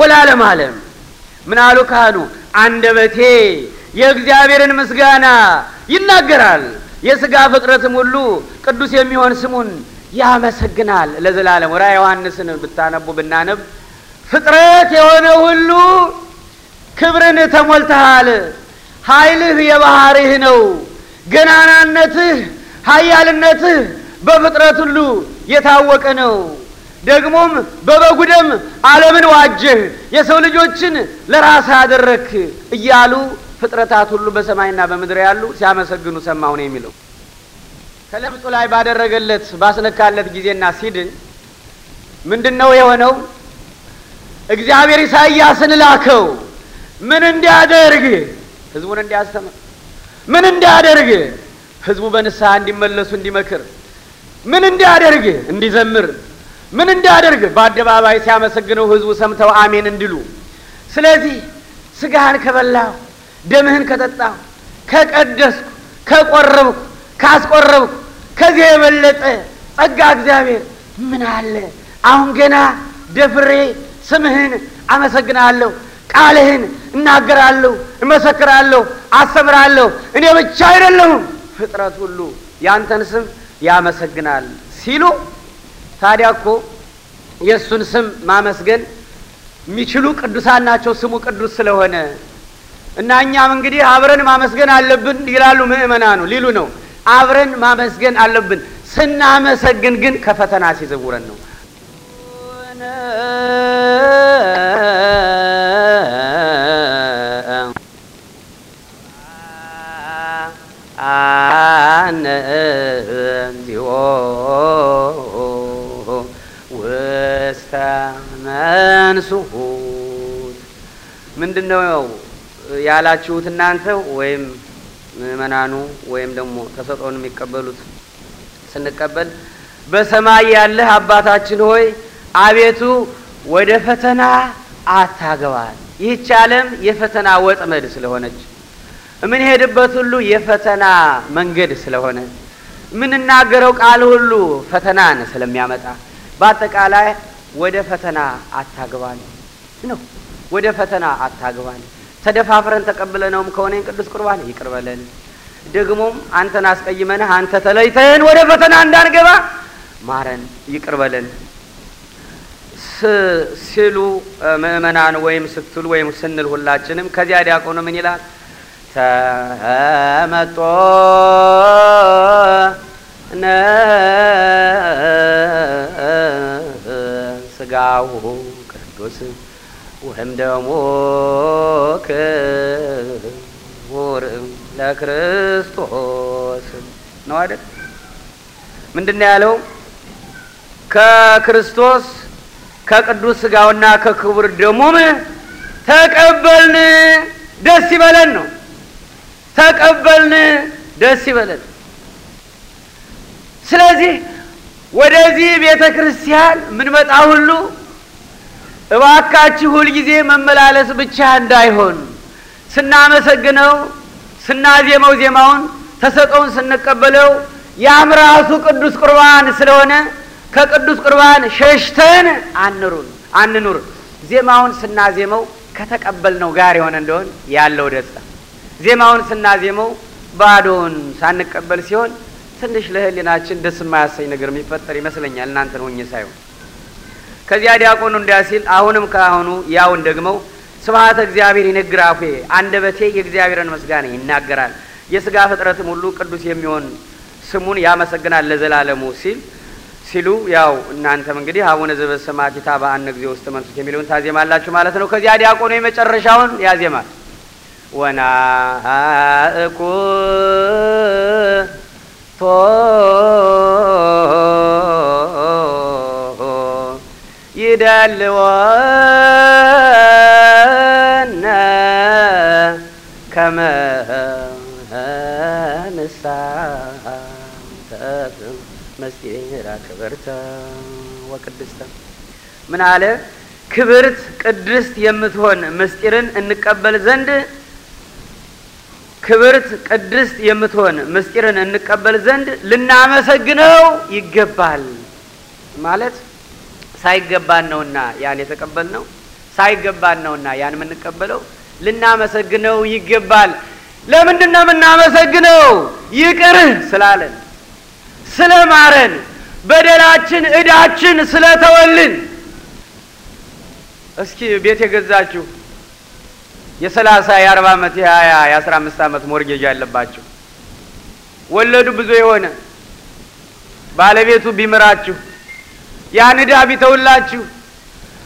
ወላለም አለም ምን አሉ ካህኑ አንደበቴ የእግዚአብሔርን ምስጋና ይናገራል የስጋ ፍጥረትም ሁሉ ቅዱስ የሚሆን ስሙን ያመሰግናል ለዘላለም። ወራ ዮሐንስን ብታነቡ ብናነብ ፍጥረት የሆነ ሁሉ ክብርን ተሞልተሃል፣ ኃይልህ የባህርህ ነው፣ ገናናነትህ ሀያልነትህ በፍጥረት ሁሉ የታወቀ ነው። ደግሞም በበጉደም አለምን ዋጀህ፣ የሰው ልጆችን ለራስ አደረክ እያሉ ፍጥረታት ሁሉ በሰማይና በምድር ያሉ ሲያመሰግኑ ሰማሁ ነው የሚለው። ከለምጹ ላይ ባደረገለት ባስነካለት ጊዜና ሲድን ምንድን ነው የሆነው? እግዚአብሔር ኢሳይያስን ላከው። ምን እንዲያደርግ? ህዝቡን እንዲያስተምር። ምን እንዲያደርግ? ህዝቡ በንስሐ እንዲመለሱ እንዲመክር። ምን እንዲያደርግ? እንዲዘምር። ምን እንዲያደርግ? በአደባባይ ሲያመሰግነው ህዝቡ ሰምተው አሜን እንዲሉ። ስለዚህ ስጋህን ከበላሁ፣ ደምህን ከጠጣሁ፣ ከቀደስኩ፣ ከቆረብኩ ካስቆረብኩ ከዚህ የበለጠ ጸጋ እግዚአብሔር ምን አለ? አሁን ገና ደፍሬ ስምህን አመሰግናለሁ፣ ቃልህን እናገራለሁ፣ እመሰክራለሁ፣ አስተምራለሁ። እኔ ብቻ አይደለሁም ፍጥረት ሁሉ ያንተን ስም ያመሰግናል ሲሉ ታዲያ እኮ የእሱን ስም ማመስገን የሚችሉ ቅዱሳን ናቸው። ስሙ ቅዱስ ስለሆነ እና እኛም እንግዲህ አብረን ማመስገን አለብን ይላሉ ምእመናኑ ሊሉ ነው። አብረን ማመስገን አለብን። ስናመሰግን ግን ከፈተና ሲዘውረን ነው። አነዚኦ ውስተ መንሱት ምንድን ነው ያላችሁት እናንተ ወይም ምእመናኑ ወይም ደግሞ ተሰጦን የሚቀበሉት ስንቀበል በሰማይ ያለህ አባታችን ሆይ አቤቱ ወደ ፈተና አታገባል ይህች ዓለም የፈተና ወጥመድ ስለሆነች የምንሄድበት ሁሉ የፈተና መንገድ ስለሆነ የምንናገረው ቃል ሁሉ ፈተናን ስለሚያመጣ በአጠቃላይ ወደ ፈተና አታግባል ነው። ወደ ፈተና አታግባል። ተደፋፍረን ተቀብለነውም ከሆነ ቅዱስ ቁርባን ይቅርበለን። ደግሞም አንተን አስቀይመንህ አንተ ተለይተን ወደ ፈተና እንዳንገባ ማረን፣ ይቅርበለን ሲሉ ምእመናን ወይም ስትሉ ወይም ስንል ሁላችንም ከዚያ ዲያቆኑ ምን ይላል? ተመጦ ስጋው ቅዱስ ወህምደሞከ ውርም ለክርስቶስ ነው አይደል? ምንድን ነው ያለው? ከክርስቶስ ከቅዱስ ሥጋውና ከክቡር ደሙም ተቀበልን ደስ ይበለን ነው። ተቀበልን ደስ ይበለን። ስለዚህ ወደዚህ ቤተ ክርስቲያን የምንመጣ ሁሉ እባካችሁ ሁልጊዜ መመላለስ ብቻ እንዳይሆን ስናመሰግነው ስናዜመው ዜማውን ተሰጠውን ስንቀበለው ያም ራሱ ቅዱስ ቁርባን ስለሆነ ከቅዱስ ቁርባን ሸሽተን አንሩን አንኑር። ዜማውን ስናዜመው ከተቀበልነው ጋር የሆነ እንደሆን ያለው ደስታ ዜማውን ስናዜመው ባዶውን ሳንቀበል ሲሆን ትንሽ ለህሊናችን ደስ የማያሰኝ ነገር የሚፈጠር ይመስለኛል። እናንተን ሆኜ ሳይሆን ከዚያ ዲያቆኑ እንዲያ ሲል አሁንም ካሁኑ ያውን ደግመው ስብሐተ እግዚአብሔር ይነግር አንደበቴ የእግዚአብሔርን ምስጋና ይናገራል፣ የስጋ ፍጥረትም ሁሉ ቅዱስ የሚሆን ስሙን ያመሰግናል ለዘላለሙ ሲል ሲሉ ያው እናንተም እንግዲህ አቡነ ዘበሰማያት ቲታ በአነ ጊዜ ውስጥ መንፈስ የሚለውን ታዜማላችሁ ማለት ነው። ከዚያ ዲያቆኑ የመጨረሻውን ያዜማል ወናእኩ ቶ ይሄዳል ከመ ንሳት መስጢሬነ ክብርተ ወቅድስተ ምን አለ ክብርት ቅድስት የምትሆን ምስጢርን እንቀበል ዘንድ ክብርት ቅድስት የምትሆን ምስጢርን እንቀበል ዘንድ ልናመሰግነው ይገባል ማለት ሳይገባን ነውና ያን ነው። ሳይገባን ነውና ያን የምንቀበለው ልናመሰግነው ይገባል። ለምንድን ነው የምናመሰግነው? ይቅርህ ስላለን፣ ስለ ማረን በደላችን እዳችን ስለተወልን። እስኪ ቤት የገዛችሁ የሰላሳ የአርባ ዓመት የሀያ የአስራ አምስት ዓመት ሞርጌጅ ያለባችሁ ወለዱ ብዙ የሆነ ባለቤቱ ቢምራችሁ ያን እዳ ቢተውላችሁ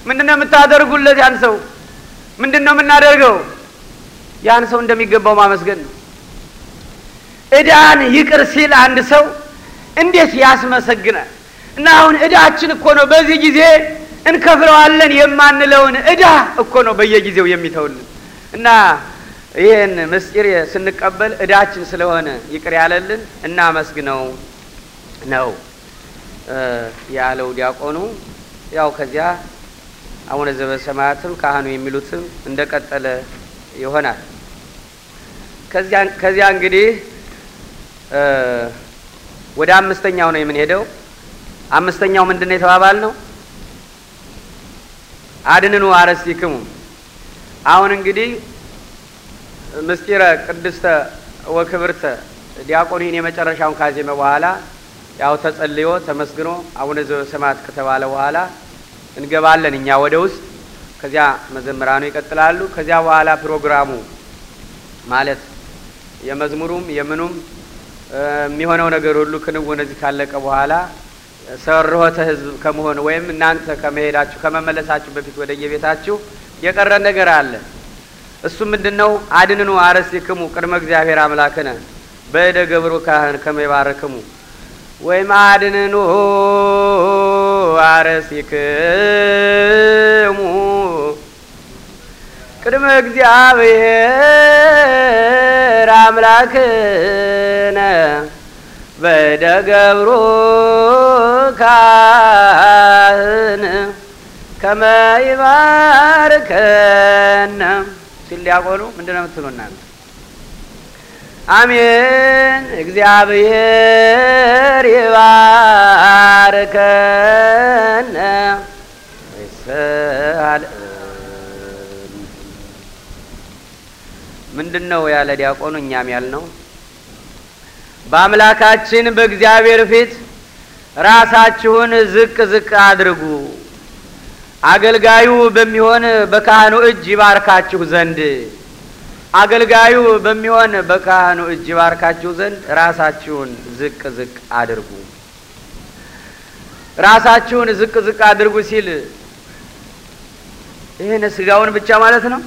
ምንድን ነው የምታደርጉለት? ያን ሰው ምንድን ነው የምናደርገው? ያን ሰው እንደሚገባው ማመስገን ነው። እዳን ይቅር ሲል አንድ ሰው እንዴት ያስመሰግናል? እና አሁን እዳችን እኮ ነው በዚህ ጊዜ እንከፍለዋለን የማንለውን እዳ እኮ ነው በየጊዜው የሚተውልን እና ይህን ምስጢር ስንቀበል እዳችን ስለሆነ ይቅር ያለልን እናመስግነው ነው። ያለው ዲያቆኑ ያው ከዚያ አቡነ ዘበሰማያትም ካህኑ የሚሉትም እንደቀጠለ ይሆናል። ከዚያ እንግዲህ ወደ አምስተኛው ነው የምንሄደው። አምስተኛው ምንድን ነው የተባባል ነው አድንኑ አረስቲክሙ። አሁን እንግዲህ ምስጢረ ቅድስተ ወክብርተ ዲያቆኒን የመጨረሻውን ካዜመ በኋላ ያው ተጸልዮ ተመስግኖ አቡነ ዘበሰማያት ከተባለ በኋላ እንገባለን እኛ ወደ ውስጥ። ከዚያ መዘምራኑ ይቀጥላሉ። ከዚያ በኋላ ፕሮግራሙ ማለት የመዝሙሩም የምኑም የሚሆነው ነገር ሁሉ ክንውን እዚህ ካለቀ በኋላ ሰርሆተ ህዝብ ከመሆን ወይም እናንተ ከመሄዳችሁ ከመመለሳችሁ በፊት ወደ የቤታችሁ የቀረ ነገር አለ። እሱ ምንድን ነው? አድንኑ አረሴክሙ ቅድመ እግዚአብሔር አምላክነ በእደ ገብሩ ካህን ከመባረክሙ ወይ ማድንኑሁ አረሲክሙ ቅድመ እግዚአብሔር አምላክነ በደገብሩ ካህን ከመይባርከነ ሲል ዲያቆኑ ምንድነው የምትሉ እናንተ? አሜን። እግዚአብሔር ይባርከነ ይስአል። ምንድን ነው ያለ ዲያቆኑ እኛም ያል ነው በአምላካችን በእግዚአብሔር ፊት ራሳችሁን ዝቅ ዝቅ አድርጉ አገልጋዩ በሚሆን በካህኑ እጅ ይባርካችሁ ዘንድ አገልጋዩ በሚሆን በካህኑ እጅ ባርካችሁ ዘንድ ራሳችሁን ዝቅ ዝቅ አድርጉ። ራሳችሁን ዝቅ ዝቅ አድርጉ ሲል ይህን ስጋውን ብቻ ማለት ነው።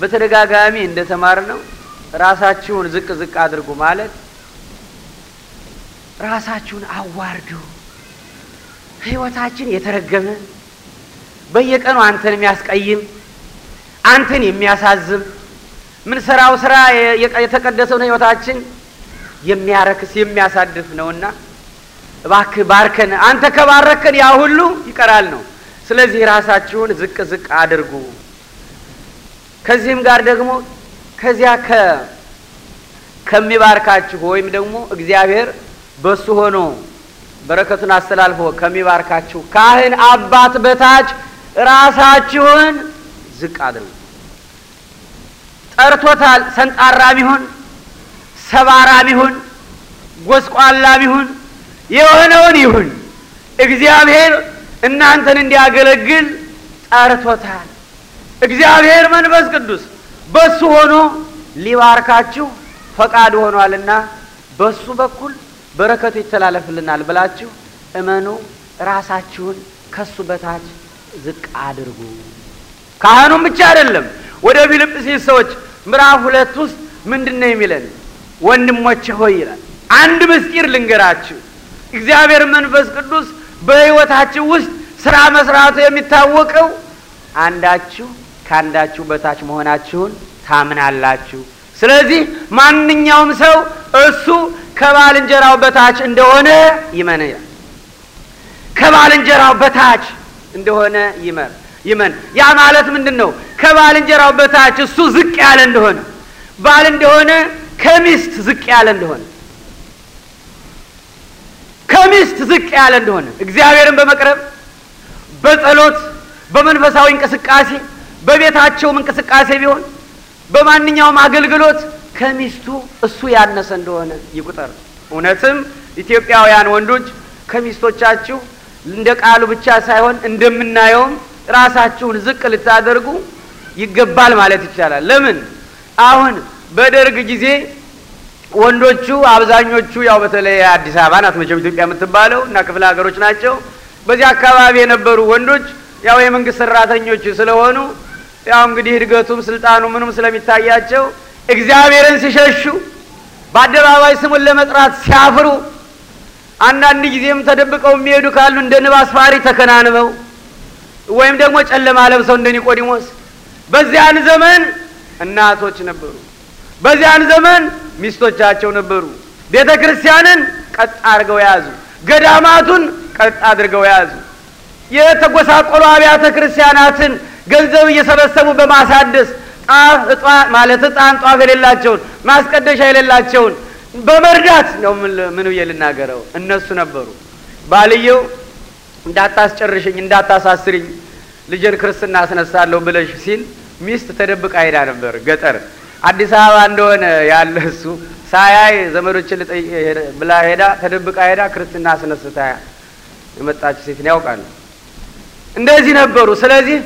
በተደጋጋሚ ተማር ነው ራሳችሁን ዝቅ ዝቅ አድርጉ ማለት ራሳችሁን አዋርዱ። ህይወታችን የተረገመ በየቀኑ አንተን የሚያስቀይም አንተን የሚያሳዝም ምን ስራው ስራ የተቀደሰውን ህይወታችን የሚያረክስ የሚያሳድፍ ነውና እባክህ ባርከን። አንተ ከባረከን ያ ሁሉ ይቀራል ነው። ስለዚህ ራሳችሁን ዝቅ ዝቅ አድርጉ። ከዚህም ጋር ደግሞ ከዚያ ከ ከሚባርካችሁ ወይም ደግሞ እግዚአብሔር በሱ ሆኖ በረከቱን አስተላልፎ ከሚባርካችሁ ካህን አባት በታች ራሳችሁን ዝቅ አድርጉ። ጠርቶታል። ሰንጣራ ቢሆን ሰባራ ቢሆን ጎስቋላ ቢሆን የሆነውን ይሁን እግዚአብሔር እናንተን እንዲያገለግል ጠርቶታል። እግዚአብሔር መንፈስ ቅዱስ በሱ ሆኖ ሊባርካችሁ ፈቃድ ሆኗልና በሱ በኩል በረከቱ ይተላለፍልናል ብላችሁ እመኑ። ራሳችሁን ከሱ በታች ዝቅ አድርጉ። ካህኑም ብቻ አይደለም ወደ ፊልጵስዩስ ሰዎች ምዕራፍ ሁለት ውስጥ ምንድን ነው የሚለን? ወንድሞች ሆይ ይላል። አንድ ምስጢር ልንገራችሁ። እግዚአብሔር መንፈስ ቅዱስ በሕይወታችሁ ውስጥ ስራ መስራቱ የሚታወቀው አንዳችሁ ከአንዳችሁ በታች መሆናችሁን ታምናላችሁ። ስለዚህ ማንኛውም ሰው እሱ ከባልንጀራው በታች እንደሆነ ይመን። ከባልንጀራው በታች እንደሆነ ይመር። ይመን ያ ማለት ምንድን ነው? ከባልንጀራው በታች እሱ ዝቅ ያለ እንደሆነ ባል እንደሆነ ከሚስት ዝቅ ያለ እንደሆነ ከሚስት ዝቅ ያለ እንደሆነ እግዚአብሔርን በመቅረብ በጸሎት በመንፈሳዊ እንቅስቃሴ በቤታቸውም እንቅስቃሴ ቢሆን በማንኛውም አገልግሎት ከሚስቱ እሱ ያነሰ እንደሆነ ይቁጠር። እውነትም ኢትዮጵያውያን ወንዶች ከሚስቶቻችሁ እንደ ቃሉ ብቻ ሳይሆን እንደምናየውም ራሳችሁን ዝቅ ልታደርጉ ይገባል ማለት ይቻላል። ለምን አሁን በደርግ ጊዜ ወንዶቹ አብዛኞቹ ያው በተለይ አዲስ አበባ ናት መቼም ኢትዮጵያ የምትባለው እና ክፍለ ሀገሮች ናቸው። በዚህ አካባቢ የነበሩ ወንዶች ያው የመንግስት ሰራተኞች ስለሆኑ ያው እንግዲህ እድገቱም ስልጣኑ ምኑም ስለሚታያቸው እግዚአብሔርን ሲሸሹ በአደባባይ ስሙን ለመጥራት ሲያፍሩ አንዳንድ ጊዜም ተደብቀው የሚሄዱ ካሉ እንደ ንብ አስፋሪ ተከናንበው ወይም ደግሞ ጨለማ ለብሰው እንደ ኒቆዲሞስ በዚያን ዘመን እናቶች ነበሩ። በዚያን ዘመን ሚስቶቻቸው ነበሩ። ቤተ ክርስቲያንን ቀጥ አድርገው የያዙ፣ ገዳማቱን ቀጥ አድርገው የያዙ፣ የተጎሳቆሉ አብያተ ክርስቲያናትን ገንዘብ እየሰበሰቡ በማሳደስ ጣፍ ማለት ጣን ጧፍ የሌላቸውን ማስቀደሻ የሌላቸውን በመርዳት ነው። ምን ብዬ ልናገረው? እነሱ ነበሩ ባልየው እንዳታስጨርሽኝ እንዳታሳስርኝ ልጄን ክርስትና አስነሳለሁ ብለሽ ሲል ሚስት ተደብቃ ሄዳ ነበር ገጠር አዲስ አበባ እንደሆነ ያለ እሱ ሳያይ ዘመዶችን ብላ ሄዳ ተደብቃ ሄዳ ክርስትና አስነስታ የመጣች ሴትን ያውቃሉ። እንደዚህ ነበሩ። ስለዚህ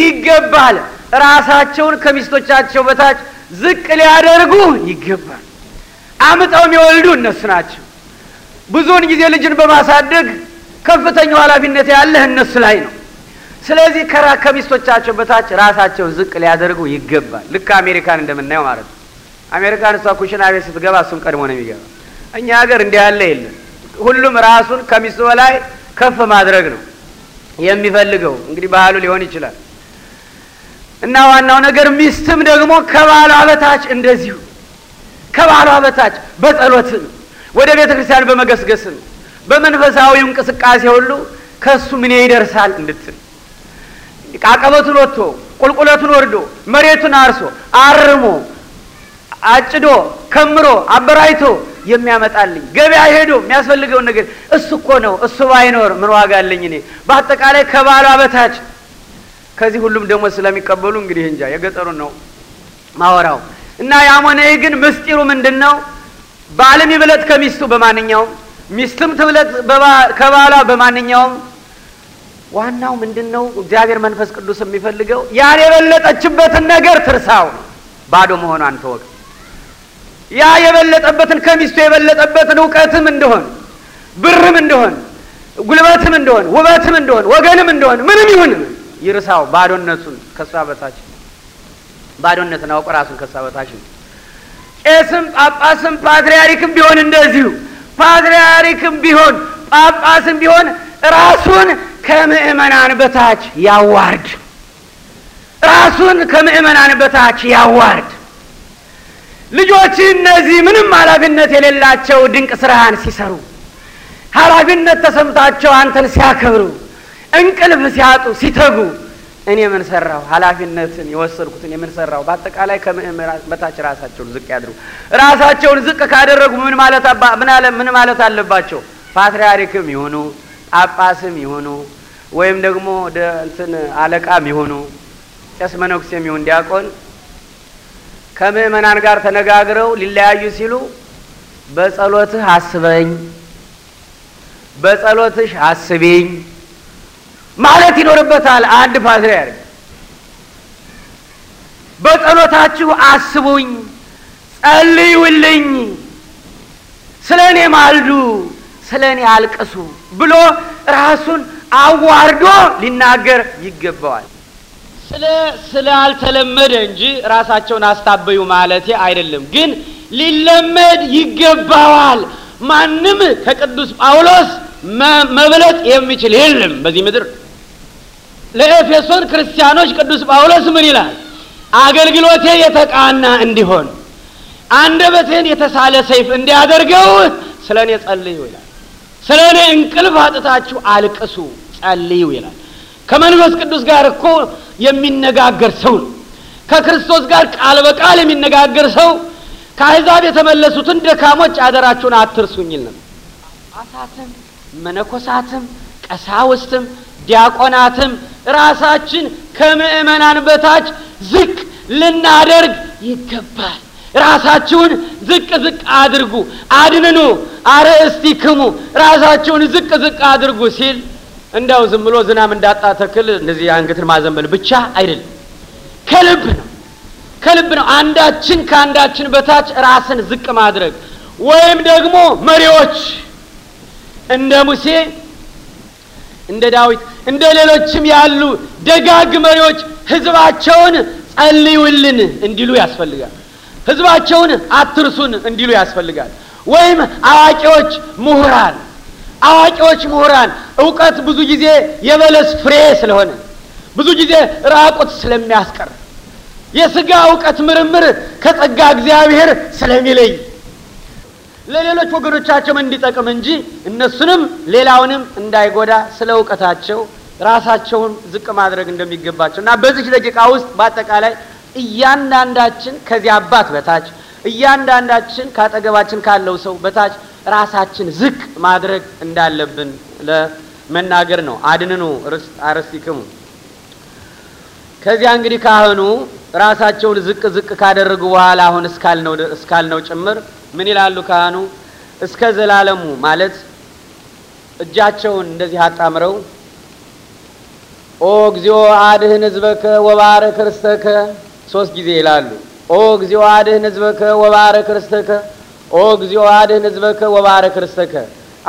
ይገባል ራሳቸውን ከሚስቶቻቸው በታች ዝቅ ሊያደርጉ ይገባል። አምጠው የሚወልዱ እነሱ ናቸው። ብዙውን ጊዜ ልጅን በማሳደግ ከፍተኛው ኃላፊነት ያለህ እነሱ ላይ ነው። ስለዚህ ከራ ከሚስቶቻቸው በታች ራሳቸውን ዝቅ ሊያደርጉ ይገባል። ልክ አሜሪካን እንደምናየው ማለት ነው። አሜሪካን እሷ ኩሽና ቤት ስትገባ እሱም ቀድሞ ነው የሚገባ። እኛ ሀገር እንዲህ ያለ የለም። ሁሉም ራሱን ከሚስቱ በላይ ከፍ ማድረግ ነው የሚፈልገው። እንግዲህ ባህሉ ሊሆን ይችላል እና ዋናው ነገር ሚስትም ደግሞ ከባሏ በታች እንደዚሁ ከባሏ በታች በጸሎት ወደ ቤተ ክርስቲያን በመገስገስ ነው በመንፈሳዊ እንቅስቃሴ ሁሉ ከእሱ ምን ይደርሳል እንድትል ቃቀበቱን ወጥቶ ቁልቁለቱን ወርዶ መሬቱን አርሶ አርሞ አጭዶ ከምሮ አበራይቶ የሚያመጣልኝ ገበያ ሄዶ የሚያስፈልገውን ነገር እሱ እኮ ነው። እሱ ባይኖር ምን ዋጋ አለኝ? እኔ በአጠቃላይ ከባሏ በታች ከዚህ ሁሉም ደግሞ ስለሚቀበሉ እንግዲህ እንጃ የገጠሩን ነው ማወራው እና የአሞናዊ ግን ምስጢሩ ምንድን ነው? ባልም ይበለጥ ከሚስቱ በማንኛውም ሚስትም ትብለጥ ከባሏ በማንኛውም ዋናው ምንድን ነው? እግዚአብሔር መንፈስ ቅዱስ የሚፈልገው ያን የበለጠችበትን ነገር ትርሳው ባዶ መሆኗን ተወቅ። ያ የበለጠበትን ከሚስቱ የበለጠበትን እውቀትም እንደሆን ብርም እንደሆን ጉልበትም እንደሆን ውበትም እንደሆን ወገንም እንደሆን ምንም ይሁን ይርሳው። ባዶነቱን ከሷ በታች ባዶነትን አውቆ ራሱን ከሷ በታች ቄስም ጳጳስም ፓትሪያሪክም ቢሆን እንደዚሁ ፓትርያርክም ቢሆን ጳጳስም ቢሆን ራሱን ከምእመናን በታች ያዋርድ፣ ራሱን ከምእመናን በታች ያዋርድ። ልጆች እነዚህ ምንም ሀላፊነት የሌላቸው ድንቅ ስራህን ሲሰሩ ኃላፊነት ተሰምታቸው አንተን ሲያከብሩ እንቅልፍ ሲያጡ ሲተጉ እኔ ምን ሰራው ኃላፊነትን የወሰድኩትን የምን ሰራው በአጠቃላይ ከምዕመናን በታች ራሳቸውን ዝቅ ያድርጉ። ራሳቸውን ዝቅ ካደረጉ ምን ማለት ምን ማለት አለባቸው? ፓትርያርክም ይሆኑ ጳጳስም ይሆኑ ወይም ደግሞ እንትን አለቃም ይሆኑ ቄስ መነኩስ የሚሆን ዲያቆን ከምእመናን ጋር ተነጋግረው ሊለያዩ ሲሉ በጸሎትህ አስበኝ፣ በጸሎትሽ አስቢኝ ማለት ይኖርበታል። አንድ ፓትርያርክ በጸሎታችሁ አስቡኝ፣ ጸልዩልኝ፣ ስለ እኔ ማልዱ፣ ስለ እኔ አልቅሱ ብሎ ራሱን አዋርዶ ሊናገር ይገባዋል። ስለ ስላልተለመደ እንጂ ራሳቸውን አስታበዩ ማለቴ አይደለም፣ ግን ሊለመድ ይገባዋል። ማንም ከቅዱስ ጳውሎስ መብለጥ የሚችል የለም በዚህ ምድር። ለኤፌሶን ክርስቲያኖች ቅዱስ ጳውሎስ ምን ይላል? አገልግሎቴ የተቃና እንዲሆን አንደበትህን የተሳለ ሰይፍ እንዲያደርገው ስለ እኔ ጸልዩ ይላል። ስለ እኔ እንቅልፍ አጥታችሁ አልቅሱ፣ ጸልዩ ይላል። ከመንፈስ ቅዱስ ጋር እኮ የሚነጋገር ሰው ነው። ከክርስቶስ ጋር ቃል በቃል የሚነጋገር ሰው ከአሕዛብ የተመለሱትን ደካሞች አደራችሁን አትርሱኝ ይል ነበር። ጳጳሳትም መነኮሳትም ቀሳውስትም ዲያቆናትም ራሳችን ከምእመናን በታች ዝቅ ልናደርግ ይገባል። ራሳችሁን ዝቅ ዝቅ አድርጉ፣ አድንኑ፣ ክሙ ራሳችሁን ዝቅ ዝቅ አድርጉ ሲል እንዳው ዝም ብሎ ዝናብ እንዳጣ ተክል እንደዚህ አንገትን ማዘንበል ብቻ አይደለም፣ ከልብ ነው ከልብ ነው። አንዳችን ከአንዳችን በታች ራስን ዝቅ ማድረግ ወይም ደግሞ መሪዎች እንደ ሙሴ እንደ ዳዊት እንደ ሌሎችም ያሉ ደጋግ መሪዎች ህዝባቸውን ጸልዩልን እንዲሉ ያስፈልጋል። ህዝባቸውን አትርሱን እንዲሉ ያስፈልጋል። ወይም አዋቂዎች ምሁራን አዋቂዎች ምሁራን እውቀት ብዙ ጊዜ የበለስ ፍሬ ስለሆነ ብዙ ጊዜ ራቁት ስለሚያስቀር የስጋ እውቀት ምርምር ከጸጋ እግዚአብሔር ስለሚለይ ለሌሎች ወገኖቻቸውም እንዲጠቅም እንጂ እነሱንም ሌላውንም እንዳይጎዳ ስለ እውቀታቸው ራሳቸውን ዝቅ ማድረግ እንደሚገባቸው እና በዚህ ደቂቃ ውስጥ በአጠቃላይ እያንዳንዳችን ከዚህ አባት በታች እያንዳንዳችን ከአጠገባችን ካለው ሰው በታች ራሳችን ዝቅ ማድረግ እንዳለብን ለመናገር ነው። አድንኑ ርስት ከዚያ እንግዲህ ካህኑ ራሳቸውን ዝቅ ዝቅ ካደረጉ በኋላ አሁን እስካልነው ጭምር ምን ይላሉ ካህኑ? እስከ ዘላለሙ ማለት እጃቸውን እንደዚህ አጣምረው ኦ እግዚኦ አድህን ህዝበከ ወባረክ ርስተከ ሶስት ጊዜ ይላሉ። ኦ እግዚኦ አድህን ህዝበከ ወባረክ ርስተከ፣ ኦ እግዚኦ አድህን ህዝበከ ወባረክ ርስተከ፣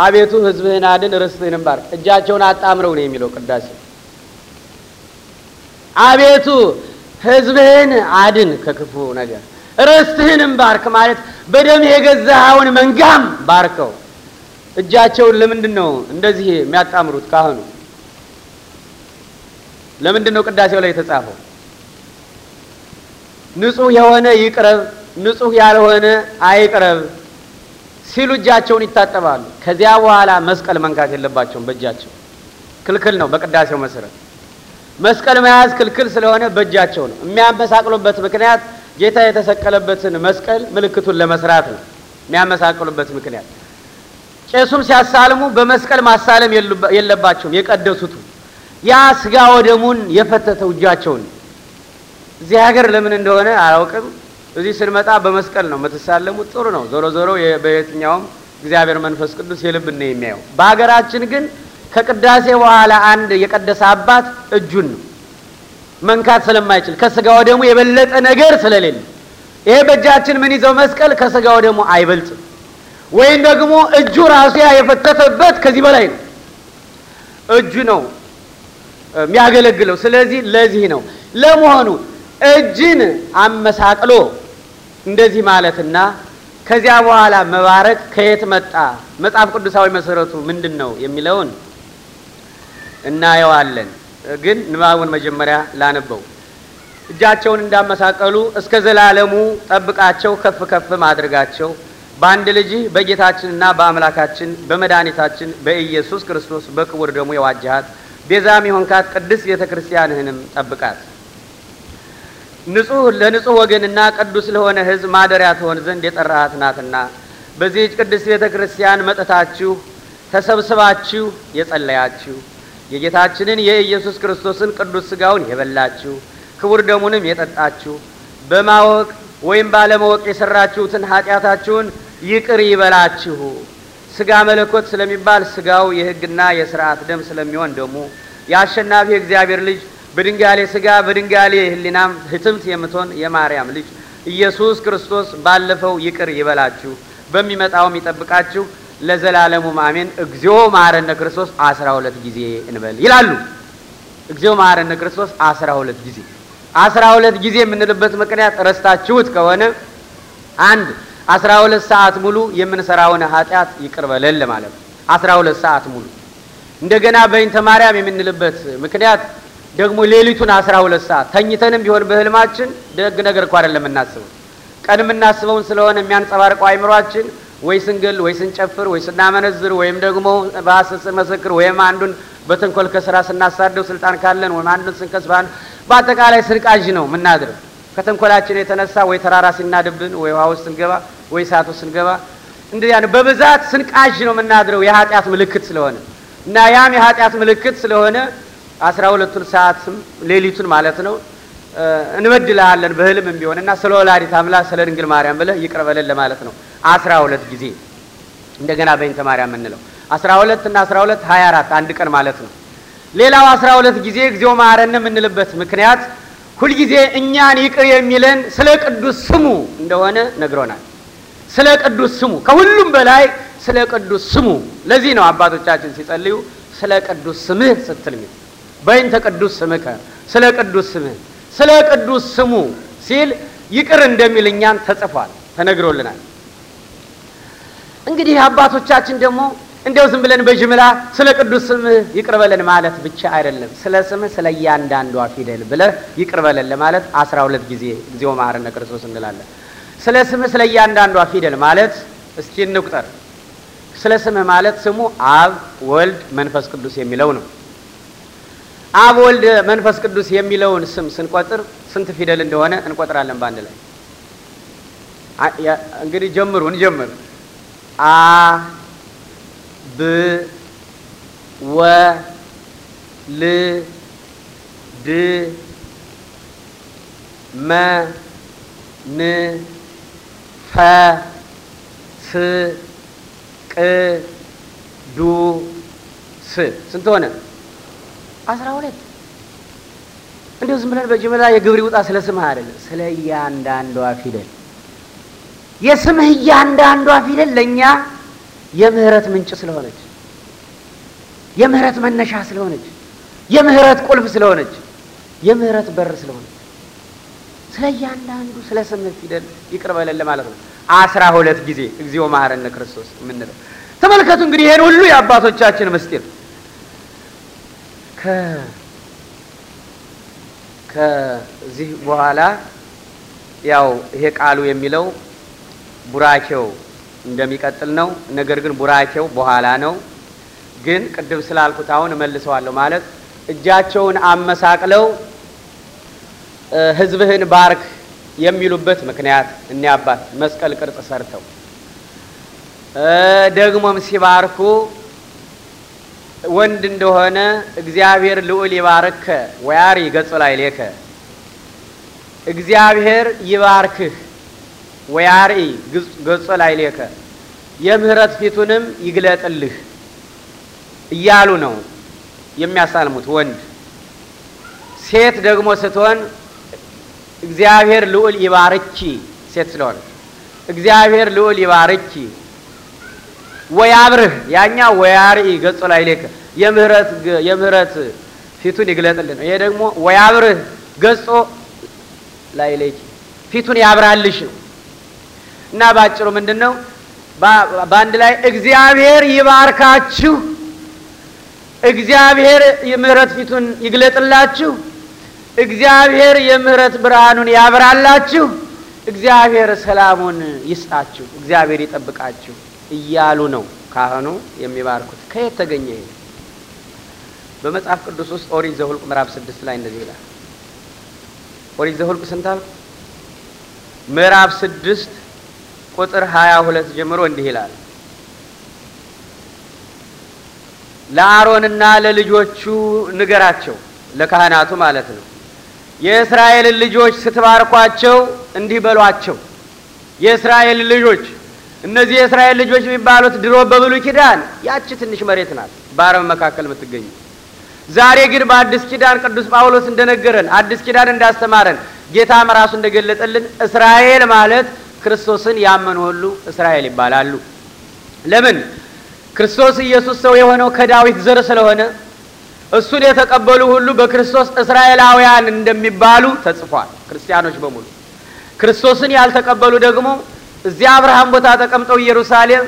አቤቱ ህዝብህን አድን ርስትህንም ባርክ። እጃቸውን አጣምረው ነው የሚለው ቅዳሴ አቤቱ ህዝብህን አድን ከክፉ ነገር ርስትህንም ባርክ ማለት በደም የገዛኸውን መንጋም ባርከው። እጃቸውን ለምንድን ነው እንደዚህ የሚያጣምሩት? ካህኑ ለምንድን ነው ቅዳሴው ላይ የተጻፈው? ንጹህ የሆነ ይቅረብ፣ ንጹህ ያልሆነ አይቅረብ ሲሉ እጃቸውን ይታጠባሉ። ከዚያ በኋላ መስቀል መንካት የለባቸውም። በእጃቸው ክልክል ነው በቅዳሴው መሰረት መስቀል መያዝ ክልክል ስለሆነ በእጃቸው ነው። የሚያመሳቅሉበት ምክንያት ጌታ የተሰቀለበትን መስቀል ምልክቱን ለመስራት ነው የሚያመሳቅሉበት ምክንያት። ቄሱም ሲያሳልሙ በመስቀል ማሳለም የለባቸውም። የቀደሱቱ ያ ስጋ ወደሙን የፈተተው እጃቸውን እዚህ ሀገር ለምን እንደሆነ አያውቅም። እዚህ ስንመጣ በመስቀል ነው የምትሳለሙት። ጥሩ ነው። ዞሮ ዞሮ በየትኛውም እግዚአብሔር መንፈስ ቅዱስ የልብ ነው የሚያየው። በሀገራችን ግን ከቅዳሴ በኋላ አንድ የቀደሰ አባት እጁን ነው መንካት ስለማይችል ከስጋ ደግሞ የበለጠ ነገር ስለሌለ ይሄ በእጃችን ምን ይዘው መስቀል ከስጋ ደግሞ አይበልጥም። ወይም ደግሞ እጁ ራሱ ያ የፈተተበት ከዚህ በላይ ነው፣ እጁ ነው የሚያገለግለው። ስለዚህ ለዚህ ነው ለመሆኑ እጅን አመሳቅሎ እንደዚህ ማለትና ከዚያ በኋላ መባረክ ከየት መጣ? መጽሐፍ ቅዱሳዊ መሰረቱ ምንድን ነው የሚለውን እናየዋለን። ግን ንባቡን መጀመሪያ ላነበው። እጃቸውን እንዳመሳቀሉ እስከ ዘላለሙ ጠብቃቸው፣ ከፍ ከፍ ማድረጋቸው በአንድ ልጅህ በጌታችንና በአምላካችን በመድኃኒታችን በኢየሱስ ክርስቶስ በክቡር ደሙ የዋጃሃት ቤዛም የሆንካት ቅድስት ቤተ ክርስቲያንህንም ጠብቃት። ንጹህ ለንጹህ ወገንና ቅዱስ ለሆነ ሕዝብ ማደሪያ ትሆን ዘንድ የጠራሃት ናትና በዚህች ቅድስት ቤተ ክርስቲያን መጥታችሁ ተሰብስባችሁ የጸለያችሁ የጌታችንን የኢየሱስ ክርስቶስን ቅዱስ ስጋውን የበላችሁ ክቡር ደሙንም የጠጣችሁ በማወቅ ወይም ባለማወቅ የሰራችሁትን ኃጢአታችሁን ይቅር ይበላችሁ። ስጋ መለኮት ስለሚባል ስጋው የህግና የስርዓት ደም ስለሚሆን ደግሞ የአሸናፊ እግዚአብሔር ልጅ በድንጋሌ ስጋ በድንጋሌ ህሊናም ህትምት የምትሆን የማርያም ልጅ ኢየሱስ ክርስቶስ ባለፈው ይቅር ይበላችሁ፣ በሚመጣውም ይጠብቃችሁ። ለዘላለሙ አሜን። እግዚኦ መሐረነ ክርስቶስ አስራ ሁለት ጊዜ እንበል ይላሉ። እግዚኦ መሐረነ ክርስቶስ አስራ ሁለት ጊዜ አስራ ሁለት ጊዜ የምንልበት ምክንያት ረስታችሁት ከሆነ አንድ አስራ ሁለት ሰዓት ሙሉ የምንሰራውን ኃጢአት ይቅር በለን ለማለት ነው። አስራ ሁለት ሰዓት ሙሉ እንደገና በይንተ ማርያም የምንልበት ምክንያት ደግሞ ሌሊቱን አስራ ሁለት ሰዓት ተኝተንም ቢሆን በህልማችን ደግ ነገር እኮ አይደለም የምናስበው ቀን የምናስበውን ስለሆነ የሚያንጸባርቀው አይምሯችን ወይ ስንግል ወይ ስንጨፍር ወይ ስናመነዝር ወይም ደግሞ በሐሰት ስንመሰክር ወይም አንዱን በተንኮል ከስራ ስናሳደው ስልጣን ካለን ወይም አንዱን ስንከስ በአጠቃላይ ስርቃዥ ነው የምናድረው። ከተንኮላችን የተነሳ ወይ ተራራ ሲናድብን ወይ ውሃ ውስጥ ስንገባ ወይ ሳቶ ስንገባ እንደዚያ ነው። በብዛት ስንቃዥ ነው የምናድረው የኃጢአት ምልክት ስለሆነ እና ያም የኃጢአት ምልክት ስለሆነ አስራ ሁለቱን ሰዓትም ሌሊቱን ማለት ነው እንበድልሃለን በህልምም ቢሆን እና ስለ ወላዲተ አምላክ ስለ ድንግል ማርያም ብለህ ይቅር በለን ለማለት ነው። አስራ ሁለት ጊዜ እንደገና በይንተ ማርያም የምንለው አስራ ሁለት እና አስራ ሁለት ሀያ አራት አንድ ቀን ማለት ነው። ሌላው አስራ ሁለት ጊዜ እግዚኦ መሐረነ የምንልበት ምክንያት ሁልጊዜ እኛን ይቅር የሚለን ስለ ቅዱስ ስሙ እንደሆነ ነግሮናል። ስለ ቅዱስ ስሙ ከሁሉም በላይ ስለ ቅዱስ ስሙ። ለዚህ ነው አባቶቻችን ሲጸልዩ ስለ ቅዱስ ስምህ ስትል በይንተ ቅዱስ ስምከ ስለ ቅዱስ ስምህ ስለ ቅዱስ ስሙ ሲል ይቅር እንደሚል እኛን ተጽፏል፣ ተነግሮልናል። እንግዲህ አባቶቻችን ደግሞ እንደው ዝም ብለን በጅምላ ስለ ቅዱስ ስምህ ይቅር በለን ማለት ብቻ አይደለም። ስለ ስምህ ስለ እያንዳንዷ ፊደል ብለ ይቅር በለን ለማለት አስራ ሁለት ጊዜ እግዚኦ ማረነ ክርስቶስ እንላለን። ስለ ስምህ ስለ እያንዳንዷ ፊደል ማለት እስኪ እንቁጠር። ስለ ስምህ ማለት ስሙ አብ፣ ወልድ፣ መንፈስ ቅዱስ የሚለው ነው። አብ ወልድ መንፈስ ቅዱስ የሚለውን ስም ስንቆጥር ስንት ፊደል እንደሆነ እንቆጥራለን። በአንድ ላይ እንግዲህ ጀምሩ፣ እንጀምር። አ ብ ወ ል ድ መ ን ፈ ስ ቅ ዱ ስ ስንት ሆነ? አስራ ሁለት እንዲሁ ዝም ብለን በጅምላ የግብር ይውጣ ስለ ስምህ አይደለም፣ ስለ እያንዳንዷ ፊደል የስምህ እያንዳንዷ ፊደል ለእኛ የምህረት ምንጭ ስለሆነች፣ የምህረት መነሻ ስለሆነች፣ የምህረት ቁልፍ ስለሆነች፣ የምህረት በር ስለሆነች ስለ እያንዳንዱ ስለ ስምህ ፊደል ይቅር ማለት ነው። አስራ ሁለት ጊዜ እግዚኦ መሐረነ ክርስቶስ የምንለው ተመልከቱ። እንግዲህ ይሄን ሁሉ የአባቶቻችን ምስጢር ከዚህ በኋላ ያው ይሄ ቃሉ የሚለው ቡራኬው እንደሚቀጥል ነው። ነገር ግን ቡራኬው በኋላ ነው። ግን ቅድም ስላልኩት አሁን እመልሰዋለሁ። ማለት እጃቸውን አመሳቅለው ህዝብህን ባርክ የሚሉበት ምክንያት እኒ አባት መስቀል ቅርጽ ሰርተው ደግሞም ሲባርኩ ወንድ እንደሆነ እግዚአብሔር ልዑል ይባርከ ወያሪ ገጹ ላይ ሌከ እግዚአብሔር ይባርክህ ወያሪ ገጹ ላይ ሌከ የምህረት ፊቱንም ይግለጥልህ እያሉ ነው የሚያሳልሙት ወንድ። ሴት ደግሞ ስትሆን እግዚአብሔር ልዑል ይባርኪ ሴት ስለሆነ እግዚአብሔር ልዑል ይባርኪ ወያብርህ ያኛ ወያርኢ ገጾ ላይ ሌከ የምህረት የምህረት ፊቱን ይግለጥልን። ይሄ ደግሞ ወያብርህ ገጾ ላይ ሌኪ ፊቱን ያብራልሽ ነው እና ባጭሩ ምንድን ነው? በአንድ ላይ እግዚአብሔር ይባርካችሁ፣ እግዚአብሔር የምህረት ፊቱን ይግለጥላችሁ፣ እግዚአብሔር የምህረት ብርሃኑን ያብራላችሁ፣ እግዚአብሔር ሰላሙን ይስጣችሁ፣ እግዚአብሔር ይጠብቃችሁ። እያሉ ነው ካህኑ የሚባርኩት። ከየት ተገኘ ይሄ? በመጽሐፍ ቅዱስ ውስጥ ኦሪት ዘሁልቅ ምዕራፍ ስድስት ላይ እንደዚህ ይላል። ኦሪት ዘሁልቅ ስንት አልኩ? ምዕራፍ ስድስት ቁጥር ሀያ ሁለት ጀምሮ እንዲህ ይላል ለአሮንና ለልጆቹ ንገራቸው፣ ለካህናቱ ማለት ነው። የእስራኤልን ልጆች ስትባርኳቸው እንዲህ በሏቸው፣ የእስራኤል ልጆች እነዚህ የእስራኤል ልጆች የሚባሉት ድሮ በብሉ ኪዳን ያቺ ትንሽ መሬት ናት በአረብ መካከል የምትገኝ። ዛሬ ግን በአዲስ ኪዳን ቅዱስ ጳውሎስ እንደነገረን አዲስ ኪዳን እንዳስተማረን ጌታም ራሱ እንደገለጠልን እስራኤል ማለት ክርስቶስን ያመኑ ሁሉ እስራኤል ይባላሉ። ለምን? ክርስቶስ ኢየሱስ ሰው የሆነው ከዳዊት ዘር ስለሆነ እሱን የተቀበሉ ሁሉ በክርስቶስ እስራኤላውያን እንደሚባሉ ተጽፏል። ክርስቲያኖች በሙሉ ክርስቶስን ያልተቀበሉ ደግሞ እዚያ አብርሃም ቦታ ተቀምጠው ኢየሩሳሌም